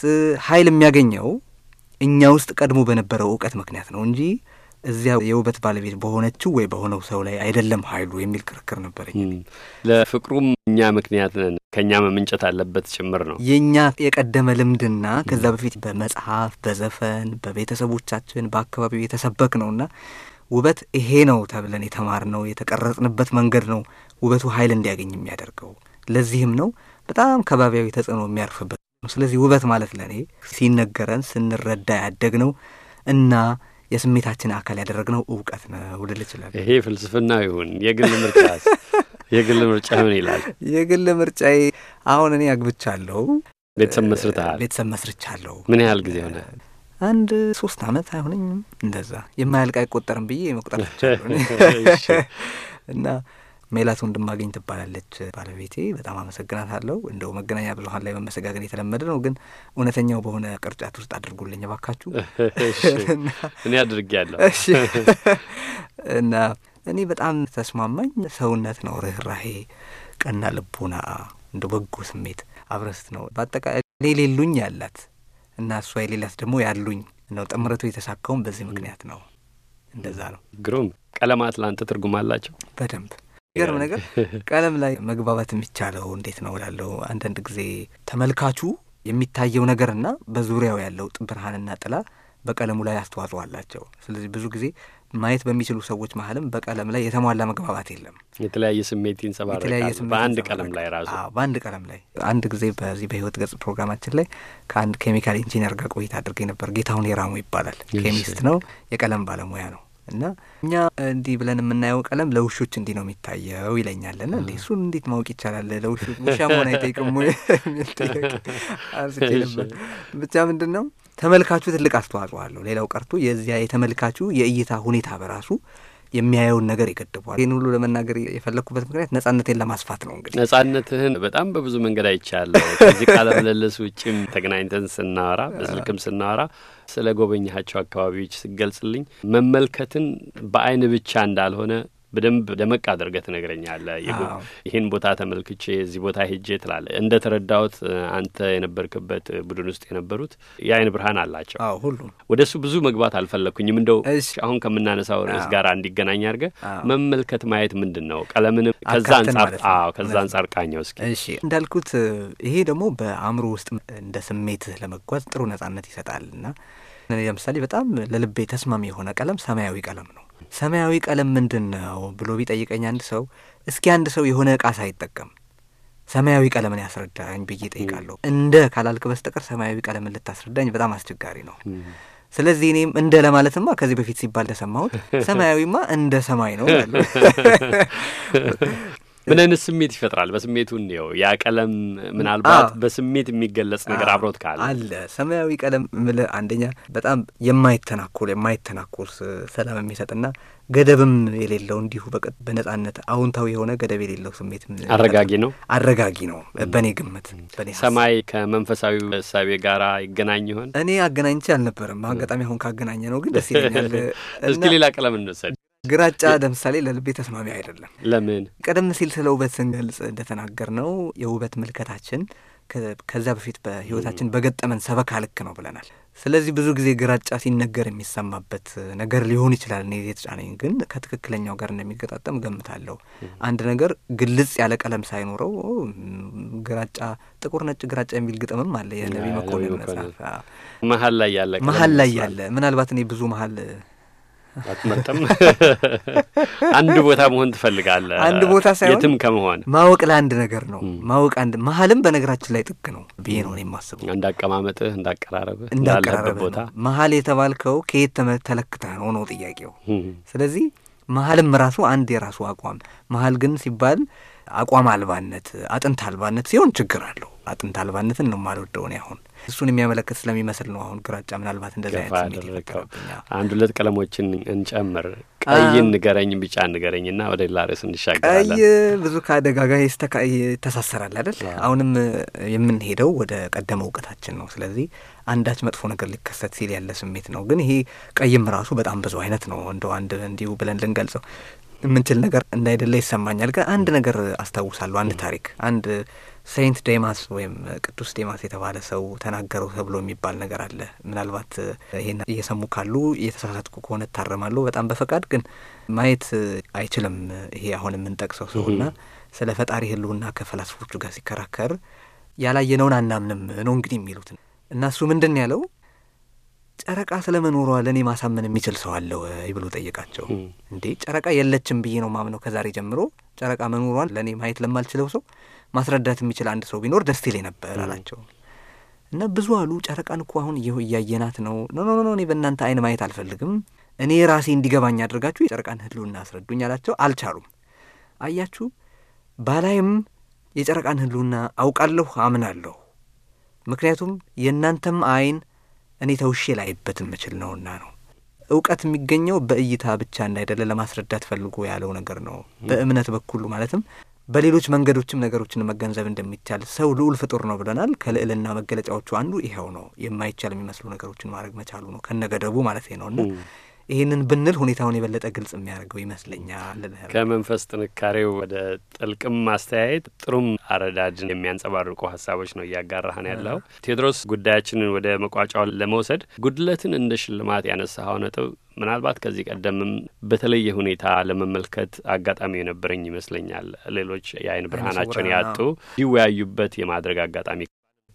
ኃይል የሚያገኘው እኛ ውስጥ ቀድሞ በነበረው እውቀት ምክንያት ነው እንጂ እዚያ የውበት ባለቤት በሆነችው ወይ በሆነው ሰው ላይ አይደለም ኃይሉ የሚል ክርክር ነበረኝ። ለፍቅሩም እኛ ምክንያት ነን፣ ከእኛ መምንጨት አለበት ጭምር ነው። የእኛ የቀደመ ልምድና ከዛ በፊት በመጽሐፍ በዘፈን በቤተሰቦቻችን በአካባቢው የተሰበክ ነውና ውበት ይሄ ነው ተብለን የተማርነው የተቀረጽንበት መንገድ ነው ውበቱ ኃይል እንዲያገኝ የሚያደርገው። ለዚህም ነው በጣም ከባቢያዊ ተጽዕኖ የሚያርፍበት ነው። ስለዚህ ውበት ማለት ለእኔ ሲነገረን ስንረዳ ያደግ ነው እና የስሜታችን አካል ያደረግነው እውቀት ነው ልል ይችላል። ይሄ ፍልስፍና ይሁን የግል ምርጫስ? የግል ምርጫ ምን ይላል? የግል ምርጫዬ አሁን እኔ አግብቻለሁ። ቤተሰብ መስርተሃል? ቤተሰብ መስርቻለሁ። ምን ያህል ጊዜ ሆነ? አንድ ሶስት አመት አይሆነኝም እንደዛ። የማያልቅ አይቆጠርም ብዬ መቁጠር እና ሜላት ወንድማገኝ ትባላለች ባለቤቴ። በጣም አመሰግናታለሁ። እንደው መገናኛ ብዙኃን ላይ መመሰጋገን የተለመደ ነው፣ ግን እውነተኛው በሆነ ቅርጫት ውስጥ አድርጉልኝ እባካችሁ። እኔ አድርጌያለሁ እና እኔ በጣም ተስማማኝ። ሰውነት ነው ርኅራሄ፣ ቀና ልቡና፣ እንደ በጎ ስሜት አብረስት ነው በአጠቃላይ እኔ ሌሉኝ ያላት እና እሷ የሌላት ደግሞ ያሉኝ ነው። ጥምረቱ የተሳካውም በዚህ ምክንያት ነው። እንደዛ ነው። ግሩም ቀለማት ላንተ ትርጉም አላቸው በደንብ የሚገርም ነገር ቀለም ላይ መግባባት የሚቻለው እንዴት ነው ላለው አንዳንድ ጊዜ ተመልካቹ የሚታየው ነገርና በዙሪያው ያለው ብርሃንና ጥላ በቀለሙ ላይ አስተዋጽኦ አላቸው። ስለዚህ ብዙ ጊዜ ማየት በሚችሉ ሰዎች መሀልም በቀለም ላይ የተሟላ መግባባት የለም። የተለያየ ስሜት ይንጸባረቃል በአንድ ቀለም ላይ ራሱ በአንድ ቀለም ላይ። አንድ ጊዜ በዚህ በህይወት ገጽ ፕሮግራማችን ላይ ከአንድ ኬሚካል ኢንጂነር ጋር ቆይታ አድርጌ ነበር። ጌታሁን የራሙ ይባላል። ኬሚስት ነው፣ የቀለም ባለሙያ ነው። እና እኛ እንዲህ ብለን የምናየው ቀለም ለውሾች እንዲህ ነው የሚታየው ይለኛል። እና እንዴ እሱን እንዴት ማወቅ ይቻላል? ለውሾች ውሻ መሆን አይጠይቅም የሚል ጥያቄ አንስቼ ነበር። ብቻ ምንድን ነው ተመልካቹ ትልቅ አስተዋጽኦ አለው። ሌላው ቀርቶ የዚያ የተመልካቹ የእይታ ሁኔታ በራሱ የሚያየውን ነገር ይገድቧል። ይህን ሁሉ ለመናገር የፈለግኩበት ምክንያት ነጻነቴን ለማስፋት ነው። እንግዲህ ነጻነትህን በጣም በብዙ መንገድ አይቻለሁ። ከዚህ ቃለ ምልልስ ውጭም ተገናኝተን ስናወራ፣ በስልክም ስናወራ ስለ ጎበኘሃቸው አካባቢዎች ስገልጽልኝ መመልከትን በአይን ብቻ እንዳልሆነ በደንብ ደመቅ አድርገህ ትነግረኛለህ። ይህን ቦታ ተመልክቼ እዚህ ቦታ ሄጄ ትላለህ። እንደ ተረዳሁት አንተ የነበርክበት ቡድን ውስጥ የነበሩት የአይን ብርሃን አላቸው። ሁሉ ወደ እሱ ብዙ መግባት አልፈለግኩኝም። እንደው አሁን ከምናነሳው ርዕስ ጋር እንዲገናኝ አድርገህ መመልከት ማየት ምንድን ነው ቀለምንም ከዛ አንጻር ከዛ አንጻር ቃኘው እስኪ። እሺ እንዳልኩት ይሄ ደግሞ በአእምሮ ውስጥ እንደ ስሜት ለመጓዝ ጥሩ ነጻነት ይሰጣል እና ለምሳሌ በጣም ለልቤ ተስማሚ የሆነ ቀለም ሰማያዊ ቀለም ነው። ሰማያዊ ቀለም ምንድን ነው ብሎ ቢጠይቀኝ አንድ ሰው እስኪ አንድ ሰው የሆነ እቃ ሳይጠቀም ሰማያዊ ቀለምን ያስረዳኝ ብዬ ጠይቃለሁ። እንደ ካላልክ በስተቀር ሰማያዊ ቀለምን ልታስረዳኝ በጣም አስቸጋሪ ነው። ስለዚህ እኔም እንደ ለማለትማ ከዚህ በፊት ሲባል ተሰማሁት ሰማያዊማ እንደ ሰማይ ነው ምን አይነት ስሜት ይፈጥራል? በስሜቱ እንየው። ያ ቀለም ምናልባት በስሜት የሚገለጽ ነገር አብሮት ካለ አለ ሰማያዊ ቀለም ምል አንደኛ በጣም የማይተናኮል የማይተናኮል ሰላም የሚሰጥና ገደብም የሌለው እንዲሁ በነጻነት አዎንታዊ የሆነ ገደብ የሌለው ስሜት አረጋጊ ነው፣ አረጋጊ ነው በእኔ ግምት። ሰማይ ከመንፈሳዊ እሳቤ ጋር ይገናኝ ይሆን? እኔ አገናኝቼ አልነበረም። አጋጣሚ አሁን ካገናኘ ነው ግን ደስ ይለኛል። እስኪ ሌላ ቀለም እንወሰድ። ግራጫ ለምሳሌ ለልቤ ተስማሚ አይደለም። ለምን? ቀደም ሲል ስለ ውበት ስንገልጽ እንደተናገር ነው የውበት ምልከታችን ከዛ በፊት በህይወታችን በገጠመን ሰበካ ልክ ነው ብለናል። ስለዚህ ብዙ ጊዜ ግራጫ ሲነገር የሚሰማበት ነገር ሊሆን ይችላል። እኔ የተጫነኝ ግን ከትክክለኛው ጋር እንደሚገጣጠም ገምታለሁ። አንድ ነገር ግልጽ ያለ ቀለም ሳይኖረው ግራጫ፣ ጥቁር፣ ነጭ፣ ግራጫ የሚል ግጥምም አለ የነቢይ መኮንን መጽሐፍ መሀል ላይ ያለ መሀል ላይ ያለ ምናልባት እኔ ብዙ መሀል አትመርጠም። አንድ ቦታ መሆን ትፈልጋለህ። አንድ ቦታ ሳይሆን የትም ከመሆን ማወቅ ለአንድ ነገር ነው። ማወቅ አንድ መሀልም በነገራችን ላይ ጥግ ነው ብዬ ነው የማስበው። እንዳቀማመጥህ፣ እንዳቀራረብህ፣ እንዳቀራረብህ ቦታ መሀል የተባልከው ከየት ተለክተህ ነው ነው ጥያቄው። ስለዚህ መሀልም ራሱ አንድ የራሱ አቋም መሀል ግን ሲባል አቋም አልባነት፣ አጥንት አልባነት ሲሆን ችግር አለው። አጥንት አልባነትን ነው የማልወደው እኔ አሁን እሱን የሚያመለክት ስለሚመስል ነው። አሁን ግራጫ ምናልባት እንደዚህ አይነት ስሜት አንድ ሁለት ቀለሞችን እንጨምር። ቀይን ንገረኝ፣ ቢጫ ንገረኝ እና ወደ ሌላ ርዕስ እንሻገራለን። ቀይ ብዙ ከአደጋ ጋር ይተሳሰራል አይደል? አሁንም የምንሄደው ወደ ቀደመ እውቀታችን ነው። ስለዚህ አንዳች መጥፎ ነገር ሊከሰት ሲል ያለ ስሜት ነው። ግን ይሄ ቀይም ራሱ በጣም ብዙ አይነት ነው። እንደ አንድ እንዲሁ ብለን ልንገልጸው የምንችል ነገር እንዳይደለ ይሰማኛል። ግን አንድ ነገር አስታውሳለሁ። አንድ ታሪክ አንድ ሴንት ዴማስ ወይም ቅዱስ ዴማስ የተባለ ሰው ተናገረው ተብሎ የሚባል ነገር አለ። ምናልባት ይህን እየሰሙ ካሉ እየተሳሳትኩ ከሆነ እታረማለሁ። በጣም በፈቃድ ግን ማየት አይችልም። ይሄ አሁን የምንጠቅሰው ሰውና ስለ ፈጣሪ ህልውና ከፈላስፎቹ ጋር ሲከራከር ያላየነውን አናምንም ነው እንግዲህ የሚሉት እና እሱ ምንድን ያለው ጨረቃ ስለ መኖሯ ለእኔ ማሳመን የሚችል ሰው አለ ወይ ብሎ ጠየቃቸው። እንዴ ጨረቃ የለችም ብዬ ነው ማምነው ከዛሬ ጀምሮ ጨረቃ መኖሯን ለእኔ ማየት ለማልችለው ሰው ማስረዳት የሚችል አንድ ሰው ቢኖር ደስ ይለኝ ነበር አላቸው። እና ብዙ አሉ። ጨረቃን እኮ አሁን እያየናት ነው። ኖ ኖ ኖ እኔ በእናንተ አይን ማየት አልፈልግም። እኔ ራሴ እንዲገባኝ አድርጋችሁ የጨረቃን ህልውና አስረዱኝ አላቸው። አልቻሉም። አያችሁ፣ ባላይም የጨረቃን ህልውና አውቃለሁ፣ አምናለሁ። ምክንያቱም የእናንተም አይን እኔ ተውሼ ላይበት የምችል ነውና ነው። እውቀት የሚገኘው በእይታ ብቻ እንዳይደለ ለማስረዳት ፈልጎ ያለው ነገር ነው። በእምነት በኩሉ ማለትም በሌሎች መንገዶችም ነገሮችን መገንዘብ እንደሚቻል ሰው ልዑል ፍጡር ነው ብለናል። ከልዕልና መገለጫዎቹ አንዱ ይኸው ነው፣ የማይቻል የሚመስሉ ነገሮችን ማድረግ መቻሉ ነው፣ ከነገደቡ ማለት ነው እና ይህንን ብንል ሁኔታውን የበለጠ ግልጽ የሚያደርገው ይመስለኛል። ከመንፈስ ጥንካሬው ወደ ጥልቅም ማስተያየት ጥሩም አረዳድን የሚያንጸባርቁ ሀሳቦች ነው እያጋራህን ያለው ቴዎድሮስ። ጉዳያችንን ወደ መቋጫው ለመውሰድ ጉድለትን እንደ ሽልማት ያነሳኸው ነጥብ ምናልባት ከዚህ ቀደምም በተለየ ሁኔታ ለመመልከት አጋጣሚ የነበረኝ ይመስለኛል። ሌሎች የአይን ብርሃናቸውን ያጡ ይወያዩበት የማድረግ አጋጣሚ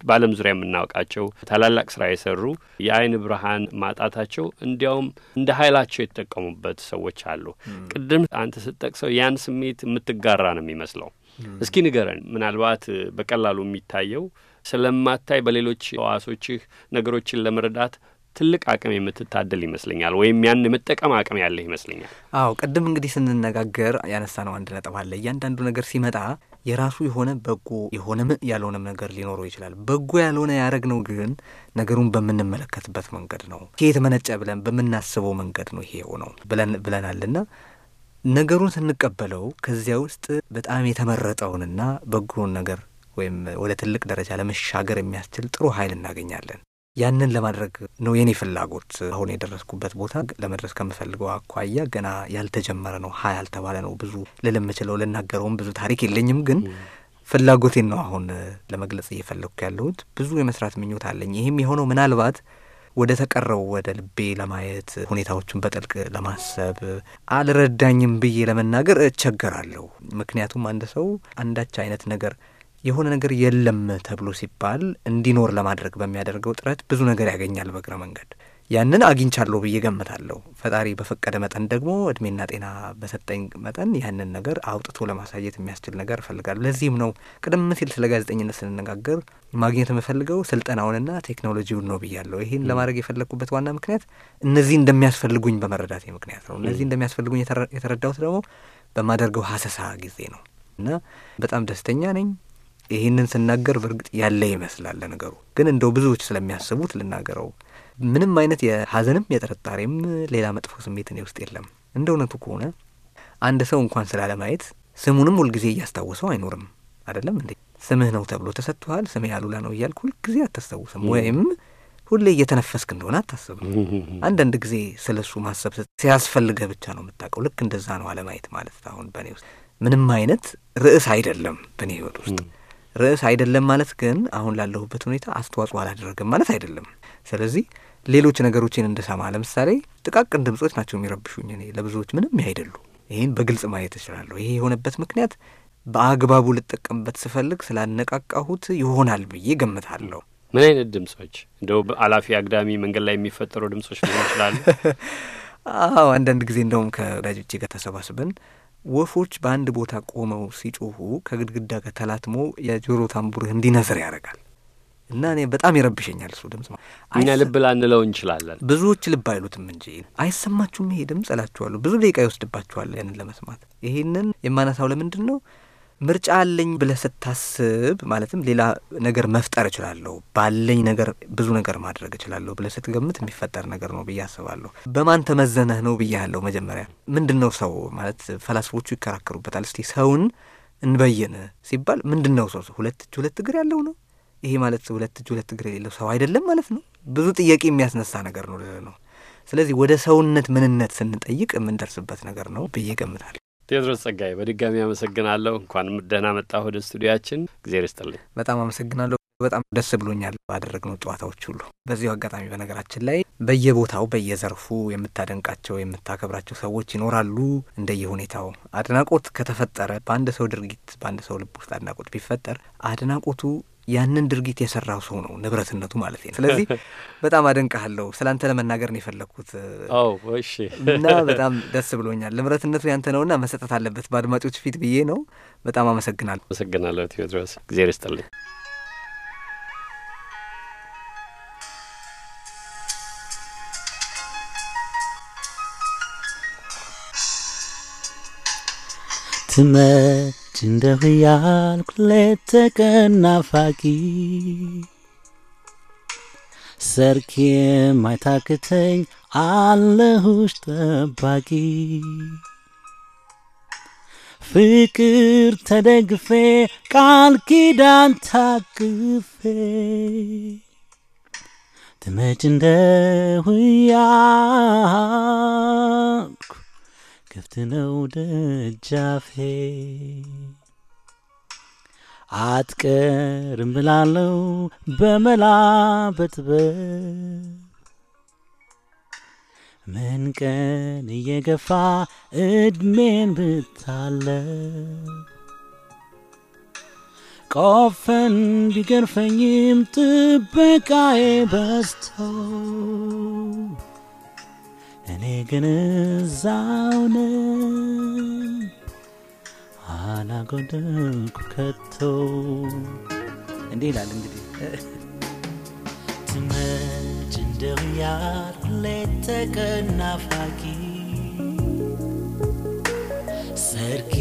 በዓለም ዙሪያ የምናውቃቸው ታላላቅ ስራ የሰሩ የአይን ብርሃን ማጣታቸው እንዲያውም እንደ ኃይላቸው የተጠቀሙበት ሰዎች አሉ። ቅድም አንተ ስትጠቅሰው ያን ስሜት የምትጋራ ነው የሚመስለው። እስኪ ንገረን፣ ምናልባት በቀላሉ የሚታየው ስለማታይ በሌሎች ህዋሶችህ ነገሮችን ለመረዳት ትልቅ አቅም የምትታደል ይመስለኛል፣ ወይም ያን የመጠቀም አቅም ያለህ ይመስለኛል። አዎ ቅድም እንግዲህ ስንነጋገር ያነሳ ነው አንድ ነጥብ አለ። እያንዳንዱ ነገር ሲመጣ የራሱ የሆነ በጎ የሆነም ያልሆነም ነገር ሊኖረው ይችላል። በጎ ያልሆነ ነው ግን ነገሩን በምንመለከትበት መንገድ ነው። ይሄ የተመነጨ ብለን በምናስበው መንገድ ነው ይሄ የሆነው ብለናልና ነገሩን ስንቀበለው ከዚያ ውስጥ በጣም የተመረጠውንና በጎውን ነገር ወይም ወደ ትልቅ ደረጃ ለመሻገር የሚያስችል ጥሩ ኃይል እናገኛለን። ያንን ለማድረግ ነው የኔ ፍላጎት። አሁን የደረስኩበት ቦታ ለመድረስ ከምፈልገው አኳያ ገና ያልተጀመረ ነው፣ ሀ ያልተባለ ነው። ብዙ ልልምችለው ልናገረውም ብዙ ታሪክ የለኝም፣ ግን ፍላጎቴን ነው አሁን ለመግለጽ እየፈለግኩ ያለሁት። ብዙ የመስራት ምኞት አለኝ። ይህም የሆነው ምናልባት ወደ ተቀረው ወደ ልቤ ለማየት ሁኔታዎቹን በጥልቅ ለማሰብ አልረዳኝም ብዬ ለመናገር እቸገራለሁ። ምክንያቱም አንድ ሰው አንዳች አይነት ነገር የሆነ ነገር የለም ተብሎ ሲባል እንዲኖር ለማድረግ በሚያደርገው ጥረት ብዙ ነገር ያገኛል በእግረ መንገድ። ያንን አግኝቻለሁ ብዬ ገምታለሁ። ፈጣሪ በፈቀደ መጠን ደግሞ እድሜና ጤና በሰጠኝ መጠን ያንን ነገር አውጥቶ ለማሳየት የሚያስችል ነገር እፈልጋለሁ። ለዚህም ነው ቅድም ሲል ስለ ጋዜጠኝነት ስንነጋገር ማግኘት የምፈልገው ስልጠናውንና ቴክኖሎጂውን ነው ብያለሁ። ይህን ለማድረግ የፈለግኩበት ዋና ምክንያት እነዚህ እንደሚያስፈልጉኝ በመረዳት ምክንያት ነው። እነዚህ እንደሚያስፈልጉኝ የተረዳሁት ደግሞ በማደርገው ሀሰሳ ጊዜ ነው እና በጣም ደስተኛ ነኝ። ይህንን ስናገር በእርግጥ ያለ ይመስላል ለነገሩ፣ ግን እንደው ብዙዎች ስለሚያስቡት ልናገረው። ምንም አይነት የሀዘንም የጥርጣሬም ሌላ መጥፎ ስሜት እኔ ውስጥ የለም። እንደ እውነቱ ከሆነ አንድ ሰው እንኳን ስላለማየት ስሙንም ሁልጊዜ እያስታወሰው አይኖርም። አደለም እንዴ? ስምህ ነው ተብሎ ተሰጥቶሃል። ስሜ ያሉላ ነው እያልክ ሁልጊዜ አታስታውስም ወይም ሁሌ እየተነፈስክ እንደሆነ አታስብም። አንዳንድ ጊዜ ስለ እሱ ማሰብ ሲያስፈልገ ብቻ ነው የምታውቀው። ልክ እንደዛ ነው አለማየት ማለት። አሁን በእኔ ውስጥ ምንም አይነት ርዕስ አይደለም በእኔ ህይወት ውስጥ ርዕስ አይደለም ማለት ግን አሁን ላለሁበት ሁኔታ አስተዋጽኦ አላደረገም ማለት አይደለም። ስለዚህ ሌሎች ነገሮችን እንድሰማ ለምሳሌ ጥቃቅን ድምጾች ናቸው የሚረብሹኝ፣ እኔ ለብዙዎች ምንም አይደሉ። ይህን በግልጽ ማየት እችላለሁ። ይሄ የሆነበት ምክንያት በአግባቡ ልጠቀምበት ስፈልግ ስላነቃቃሁት ይሆናል ብዬ ገምታለሁ። ምን አይነት ድምጾች? እንደው አላፊ አግዳሚ መንገድ ላይ የሚፈጠሩ ድምጾች ሊሆን ይችላሉ። አዎ አንዳንድ ጊዜ እንደውም ከወዳጆቼ ጋር ተሰባስበን ወፎች በአንድ ቦታ ቆመው ሲጮሁ ከግድግዳ ጋር ተላትሞ የጆሮ ታምቡርህ እንዲነዝር ያደርጋል እና እኔ በጣም ይረብሸኛል እሱ ድምጽ። እኛ ልብ ላንለው እንችላለን፣ ብዙዎች ልብ አይሉትም እንጂ አይሰማችሁም? ይሄ ድምጽ እላችኋለሁ ብዙ ደቂቃ ይወስድባችኋል ያንን ለመስማት። ይህንን የማነሳው ለምንድን ነው? ምርጫ አለኝ ብለህ ስታስብ ማለትም ሌላ ነገር መፍጠር እችላለሁ፣ ባለኝ ነገር ብዙ ነገር ማድረግ እችላለሁ ብለህ ስትገምት የሚፈጠር ነገር ነው ብዬ አስባለሁ። በማን ተመዘነህ ነው ብዬ ያለው መጀመሪያ ምንድን ነው ሰው ማለት ፈላስፎቹ ይከራከሩበታል። እስቲ ሰውን እንበይን ሲባል ምንድን ነው ሰው? ሁለት እጅ ሁለት እግር ያለው ነው? ይሄ ማለት ሁለት እጅ ሁለት እግር የሌለው ሰው አይደለም ማለት ነው። ብዙ ጥያቄ የሚያስነሳ ነገር ነው ነው። ስለዚህ ወደ ሰውነት ምንነት ስንጠይቅ የምንደርስበት ነገር ነው ብዬ ገምታል ቴዎድሮስ ጸጋይ በድጋሚ አመሰግናለሁ። እንኳንም ደህና መጣ ወደ ስቱዲያችን። እግዜር ይስጥልኝ። በጣም አመሰግናለሁ። በጣም ደስ ብሎኛል ባደረግነው ጨዋታዎች ሁሉ። በዚሁ አጋጣሚ በነገራችን ላይ በየቦታው በየዘርፉ የምታደንቃቸው የምታከብራቸው ሰዎች ይኖራሉ። እንደየሁኔታው አድናቆት ከተፈጠረ በአንድ ሰው ድርጊት በአንድ ሰው ልብ ውስጥ አድናቆት ቢፈጠር አድናቆቱ ያንን ድርጊት የሰራው ሰው ነው ንብረትነቱ ማለት ነው። ስለዚህ በጣም አደንቀሃለሁ። ስላንተ ለመናገር ነው የፈለግኩት እና በጣም ደስ ብሎኛል። ንብረትነቱ ያንተ ነውና መሰጠት አለበት በአድማጮች ፊት ብዬ ነው። በጣም አመሰግናለሁ። አመሰግናለሁ ቴዎድሮስ፣ እግዜር ይስጥልኝ። ትመት Tinderial kuleteke nafaki Serkie maitaketeng alle huste bagi ፍቅር ተደግፌ ቃል ኪዳን ታቅፌ ትመጭ እንደሁያ ክፍት ነው ደጃፌ አትቀርም ብላለው በመላ በጥበብ ምን ቀን እየገፋ እድሜን ብታለ ቆፈን ቢገርፈኝም ጥበቃዬ በስተው እኔ ግን እዛው ነኝ አላጎደልኩ ከቶ እንዲህ ይላል እንግዲህ ትመጭ እንደውያር ያልኩ ሰርኬ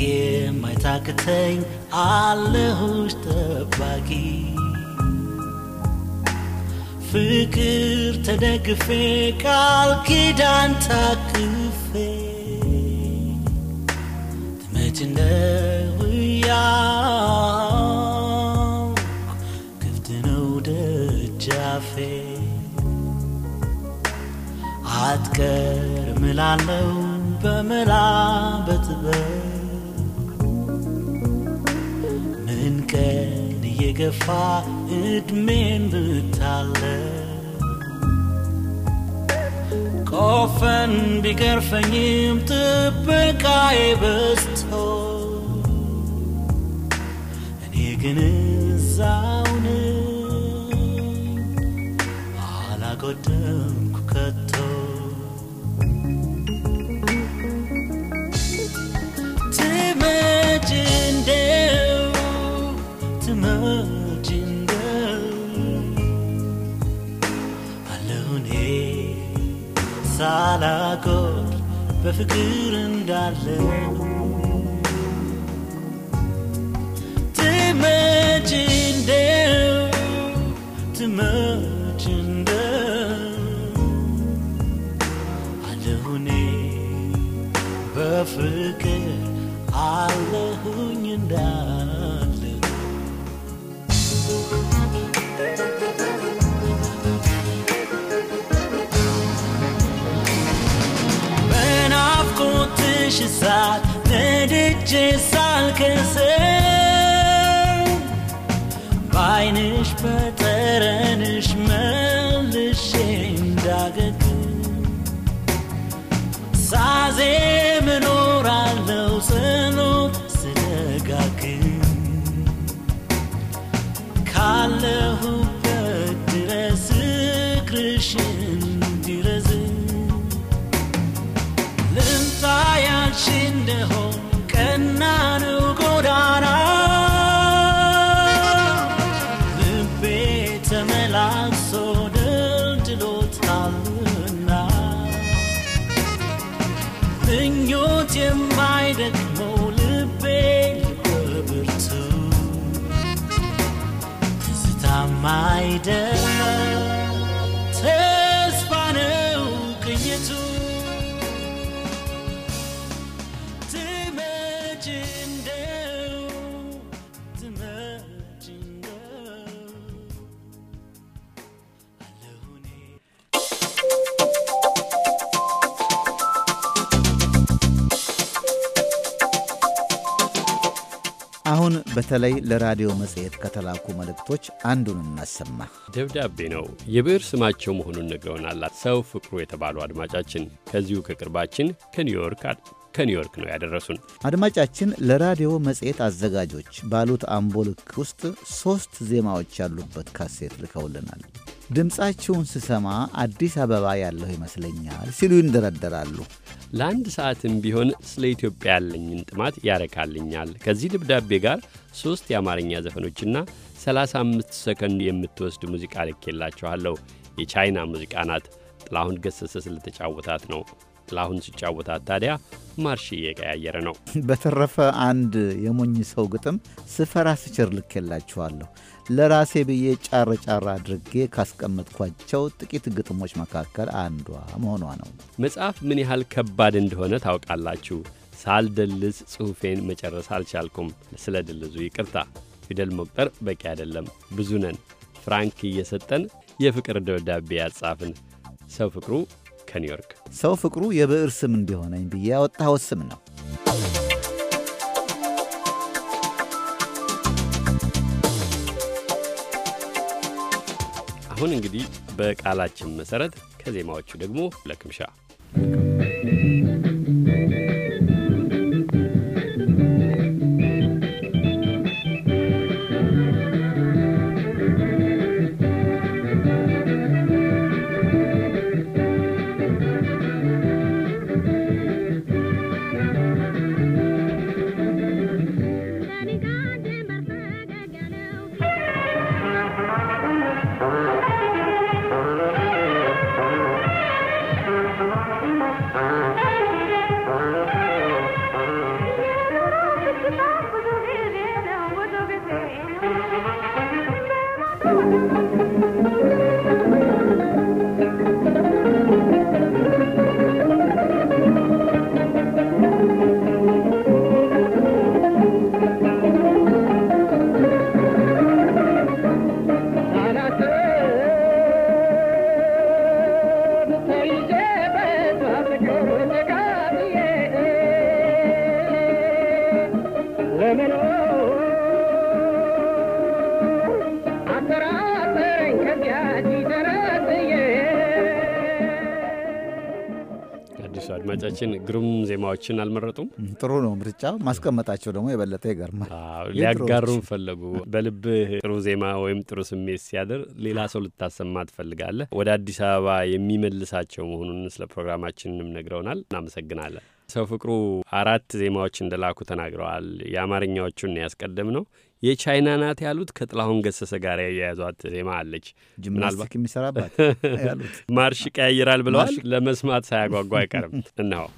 ማይታክተኝ አለሁሽ ጠባቂ ፍቅር ተደግፌ ቃል ኪዳን ታቅፌ ትመች እንደውያ ክፍት ነው ደጃፌ አትቀር ምላለው በመላ በትበ ምንቀር የገፋ እድሜን ብታለ ቆፈን ቢገርፈኝም ጥበቃዬ በዝቶ እኔ ግን እዛውን አላጎደም ሳላጎል በፍቅር እንዳለ ትመጭ እንደው ትመጭ እንደው አለሁኔ በፍቅር አለሁኝ እንዳል ትንሽ ሳት ነድጄ ሳልከሰል በአይንሽ በጠረንሽ መልሼ እንዳገግ ሳዜ ምኖራለው ጸሎት ስደጋግ ካለው አሁን በተለይ ለራዲዮ መጽሔት ከተላኩ መልእክቶች አንዱን እናሰማ። ደብዳቤ ነው። የብዕር ስማቸው መሆኑን ነግረውናል ሰው ፍቅሩ የተባሉ አድማጫችን ከዚሁ ከቅርባችን ከኒውዮርክ ከኒውዮርክ ነው ያደረሱን። አድማጫችን ለራዲዮ መጽሔት አዘጋጆች ባሉት አምቦልክ ውስጥ ሦስት ዜማዎች ያሉበት ካሴት ልከውልናል። ድምፃችሁን ስሰማ አዲስ አበባ ያለሁ ይመስለኛል ሲሉ ይንደረደራሉ። ለአንድ ሰዓትም ቢሆን ስለ ኢትዮጵያ ያለኝን ጥማት ያረካልኛል። ከዚህ ደብዳቤ ጋር ሦስት የአማርኛ ዘፈኖችና 35 ሰከንድ የምትወስድ ሙዚቃ ልኬላችኋለሁ። የቻይና ሙዚቃ ናት። ጥላሁን ገሰሰ ስለተጫወታት ነው። ጥላሁን ሲጫወታት ታዲያ ማርሽ እየቀያየረ ነው። በተረፈ አንድ የሞኝ ሰው ግጥም ስፈራ ስችር ልኬላችኋለሁ። ለራሴ ብዬ ጫር ጫር አድርጌ ካስቀመጥኳቸው ጥቂት ግጥሞች መካከል አንዷ መሆኗ ነው። መጽሐፍ ምን ያህል ከባድ እንደሆነ ታውቃላችሁ። ሳልደልዝ ጽሑፌን መጨረስ አልቻልኩም። ስለ ድልዙ ይቅርታ። ፊደል መቁጠር በቂ አይደለም፣ ብዙ ነን። ፍራንክ እየሰጠን የፍቅር ደብዳቤ ያጻፍን። ሰው ፍቅሩ ከኒውዮርክ። ሰው ፍቅሩ የብዕር ስም እንዲሆነኝ ብዬ ያወጣሁት ስም ነው። አሁን እንግዲህ በቃላችን መሰረት ከዜማዎቹ ደግሞ you. ሰዎችን አልመረጡም? ጥሩ ነው ምርጫ። ማስቀመጣቸው ደግሞ የበለጠ ይገርማል። ሊያጋሩን ፈለጉ። በልብህ ጥሩ ዜማ ወይም ጥሩ ስሜት ሲያድር ሌላ ሰው ልታሰማ ትፈልጋለህ። ወደ አዲስ አበባ የሚመልሳቸው መሆኑን ስለ ፕሮግራማችንንም ነግረውናል። እናመሰግናለን። ሰው ፍቅሩ አራት ዜማዎች እንደላኩ ተናግረዋል። የአማርኛዎቹን ያስቀደም ነው። የቻይና ናት ያሉት ከጥላሁን ገሰሰ ጋር ያያዟት ዜማ አለች። ምናልባት የሚሰራባት ያሉት ማርሽ ቀያይራል ብለዋል። ለመስማት ሳያጓጓ አይቀርም። እናው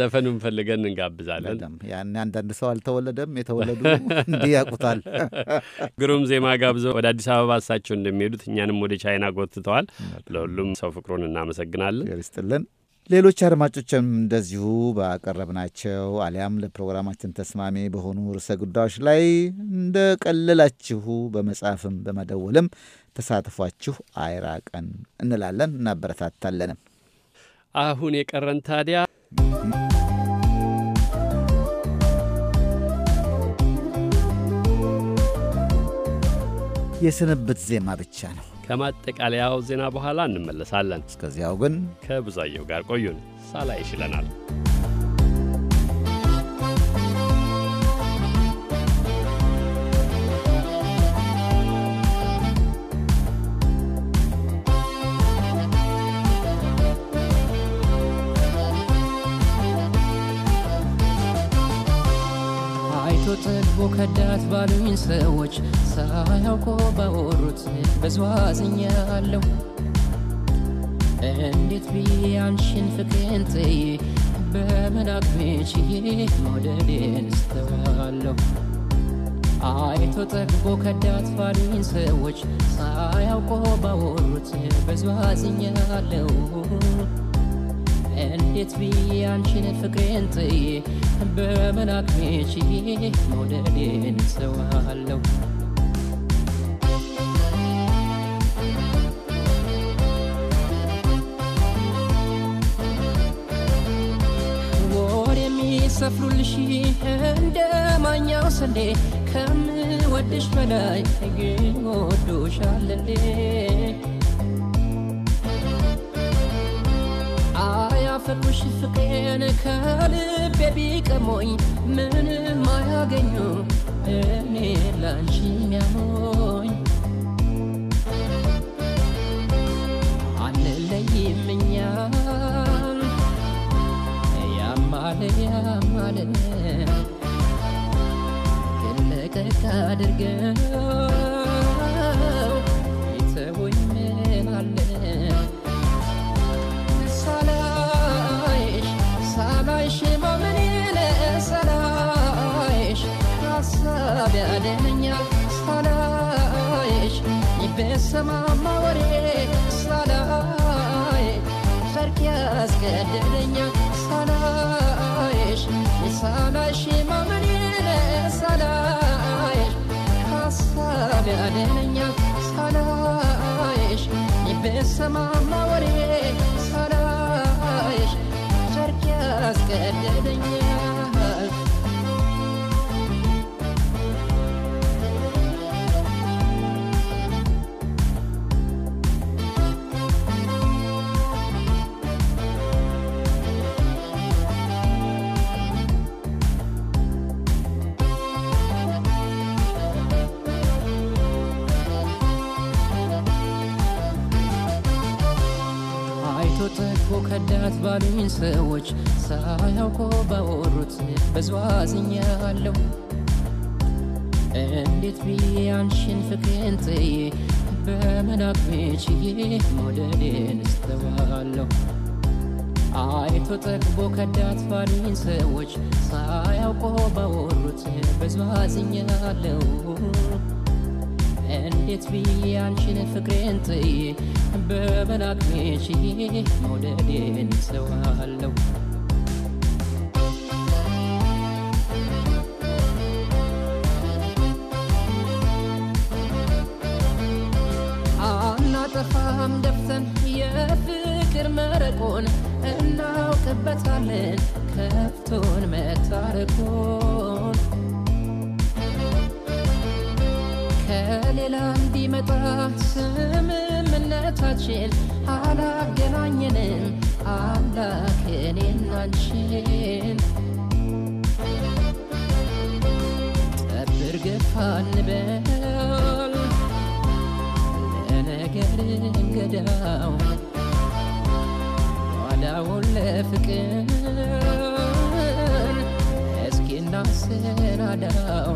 ዘፈኑ ፈልገን እንጋብዛለን። ያን አንዳንድ ሰው አልተወለደም፣ የተወለዱ እንዲህ ያውቁታል። ግሩም ዜማ ጋብዘው ወደ አዲስ አበባ እሳቸው እንደሚሄዱት እኛንም ወደ ቻይና ጎትተዋል። ለሁሉም ሰው ፍቅሩን እናመሰግናለን ይስጥልን። ሌሎች አድማጮችም እንደዚሁ ባቀረብናቸው አሊያም ለፕሮግራማችን ተስማሚ በሆኑ ርዕሰ ጉዳዮች ላይ እንደ ቀለላችሁ በመጻፍም በመደወልም ተሳትፏችሁ አይራቀን እንላለን፣ እናበረታታለንም። አሁን የቀረን ታዲያ የስንብት ዜማ ብቻ ነው። ከማጠቃለያው ዜና በኋላ እንመለሳለን። እስከዚያው ግን ከብዛየው ጋር ቆዩን። ሳላ ይችለናል። ጠግቦ ከዳት ባሉኝ ሰዎች ሳያውቆ ባወሩት በዝዋዝኛለሁ እንዴት ብዬ አንሽን ፍቅሬን ጥዬ በምን አቅሜ መውደዴን እስተዋለሁ? አይቶ ጠግቦ ከዳት ባሉኝ ሰዎች ሳያውቆ ባወሩት በዝዋዝኛለሁ and it's me and she did for granted. Burman and me, she more than it, so What hello. Sa frulshi hende ma nyau sa le kam wadish አፈቅሩሽ ፍቅሬን ከልቤ ቢቀሞኝ ምንም አያገኙ እኔ ላንቺ አንለይም እኛ ያማለ ያማለ ግን ለቀቅ ስማማ ወሬ ሳላይ ፈርክ ያስገድደኛል ሳላይሽ ሳላይሽ ማመኔ ሳላይሽ ሀሳብ ያደነኛል ሳላይሽ በሰማማ ወሬ ሳላይሽ ፈርክ ያስገድደኛል ረዳት ባሉኝ ሰዎች ሳያውቆ ባወሩት በዝዋዝኛ አዝኛለሁ። እንዴት ብዬ አንሽን ፍቅርን ጥዬ በመናቅ ችዬ መውደዴን እስተዋለሁ። አይቶ ጠግቦ ከዳት ባሉኝ ሰዎች ሳያውቆ ባወሩት በዝዋዝኛ አዝኛለሁ። እንዴት ብዬ አንቺን ፍቅሬን ጥዬ በበላቅሜ መውደዴን ሰዋለሁ አናጠፋም ደፍተን የፍቅር መረቁን እናውቅበታለን ከፍቶን መታረቁን ከሌላ ቢመጣ ስምምነታችን አላገናኘንም አምላክ እኔና አንቺን። ጠብር ገፋ ለነገር እንገዳው ኋላውን ለፍቅር እስኪ እናሰናዳው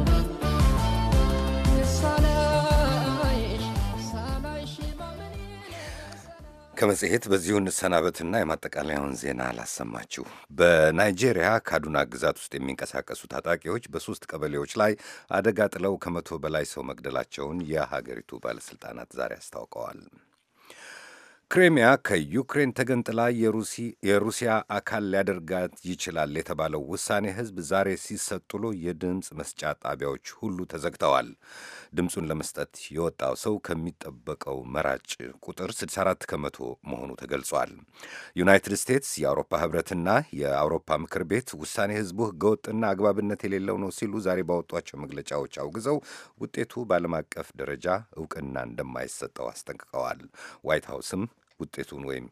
ከመጽሔት በዚሁ እንሰናበትና የማጠቃለያውን ዜና አላሰማችሁ። በናይጄሪያ ካዱና ግዛት ውስጥ የሚንቀሳቀሱ ታጣቂዎች በሶስት ቀበሌዎች ላይ አደጋ ጥለው ከመቶ በላይ ሰው መግደላቸውን የሀገሪቱ ባለሥልጣናት ዛሬ አስታውቀዋል። ክሬሚያ ከዩክሬን ተገንጥላ የሩሲያ አካል ሊያደርጋት ይችላል የተባለው ውሳኔ ሕዝብ ዛሬ ሲሰጥ ውሎ የድምፅ መስጫ ጣቢያዎች ሁሉ ተዘግተዋል። ድምፁን ለመስጠት የወጣው ሰው ከሚጠበቀው መራጭ ቁጥር 64 ከመቶ መሆኑ ተገልጿል። ዩናይትድ ስቴትስ የአውሮፓ ህብረትና የአውሮፓ ምክር ቤት ውሳኔ ህዝቡ ህገወጥና አግባብነት የሌለው ነው ሲሉ ዛሬ ባወጧቸው መግለጫዎች አውግዘው ውጤቱ በዓለም አቀፍ ደረጃ እውቅና እንደማይሰጠው አስጠንቅቀዋል። ዋይት ሀውስም ውጤቱን ወይም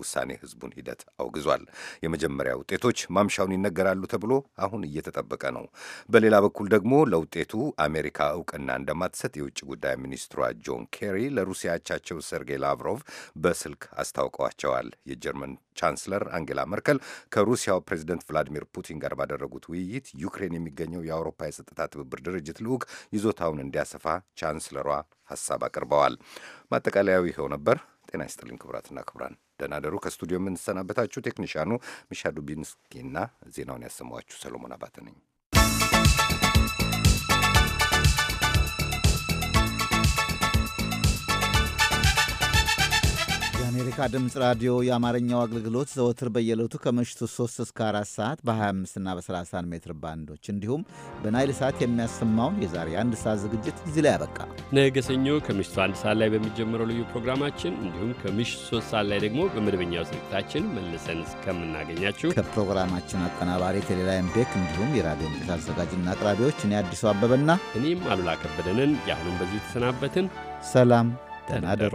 ውሳኔ ህዝቡን ሂደት አውግዟል። የመጀመሪያ ውጤቶች ማምሻውን ይነገራሉ ተብሎ አሁን እየተጠበቀ ነው። በሌላ በኩል ደግሞ ለውጤቱ አሜሪካ እውቅና እንደማትሰጥ የውጭ ጉዳይ ሚኒስትሯ ጆን ኬሪ ለሩሲያቻቸው ሰርጌይ ላቭሮቭ በስልክ አስታውቀዋቸዋል። የጀርመን ቻንስለር አንጌላ መርከል ከሩሲያው ፕሬዚደንት ቭላዲሚር ፑቲን ጋር ባደረጉት ውይይት ዩክሬን የሚገኘው የአውሮፓ የጸጥታ ትብብር ድርጅት ልዑክ ይዞታውን እንዲያሰፋ ቻንስለሯ ሀሳብ አቅርበዋል። ማጠቃለያዊ ይኸው ነበር። ጤና ይስጥልኝ ክቡራትና ክቡራን። ደናደሩ ከስቱዲዮ የምንሰናበታችሁ ቴክኒሽያኑ ሚሻ ዱቢንስኪና ዜናውን ያሰማኋችሁ ሰሎሞን አባተ ነኝ። የአሜሪካ ድምፅ ራዲዮ የአማርኛው አገልግሎት ዘወትር በየለቱ ከምሽቱ 3 እስከ 4 ሰዓት በ25 እና በ31 ሜትር ባንዶች እንዲሁም በናይል ሰዓት የሚያሰማውን የዛሬ አንድ ሰዓት ዝግጅት እዚህ ላይ ያበቃ። ነገ ሰኞ ከምሽቱ አንድ ሰዓት ላይ በሚጀምረው ልዩ ፕሮግራማችን እንዲሁም ከምሽቱ 3 ሰዓት ላይ ደግሞ በመደበኛው ስርጭታችን መልሰን እስከምናገኛችሁ ከፕሮግራማችን አቀናባሪ ቴሌላይም ቤክ እንዲሁም የራዲዮ ምቅት አዘጋጅና አቅራቢዎች እኔ አዲሱ አበበና እኔም አሉላ ከበደንን የአሁኑም በዚሁ ተሰናበትን። ሰላም ተናደሩ።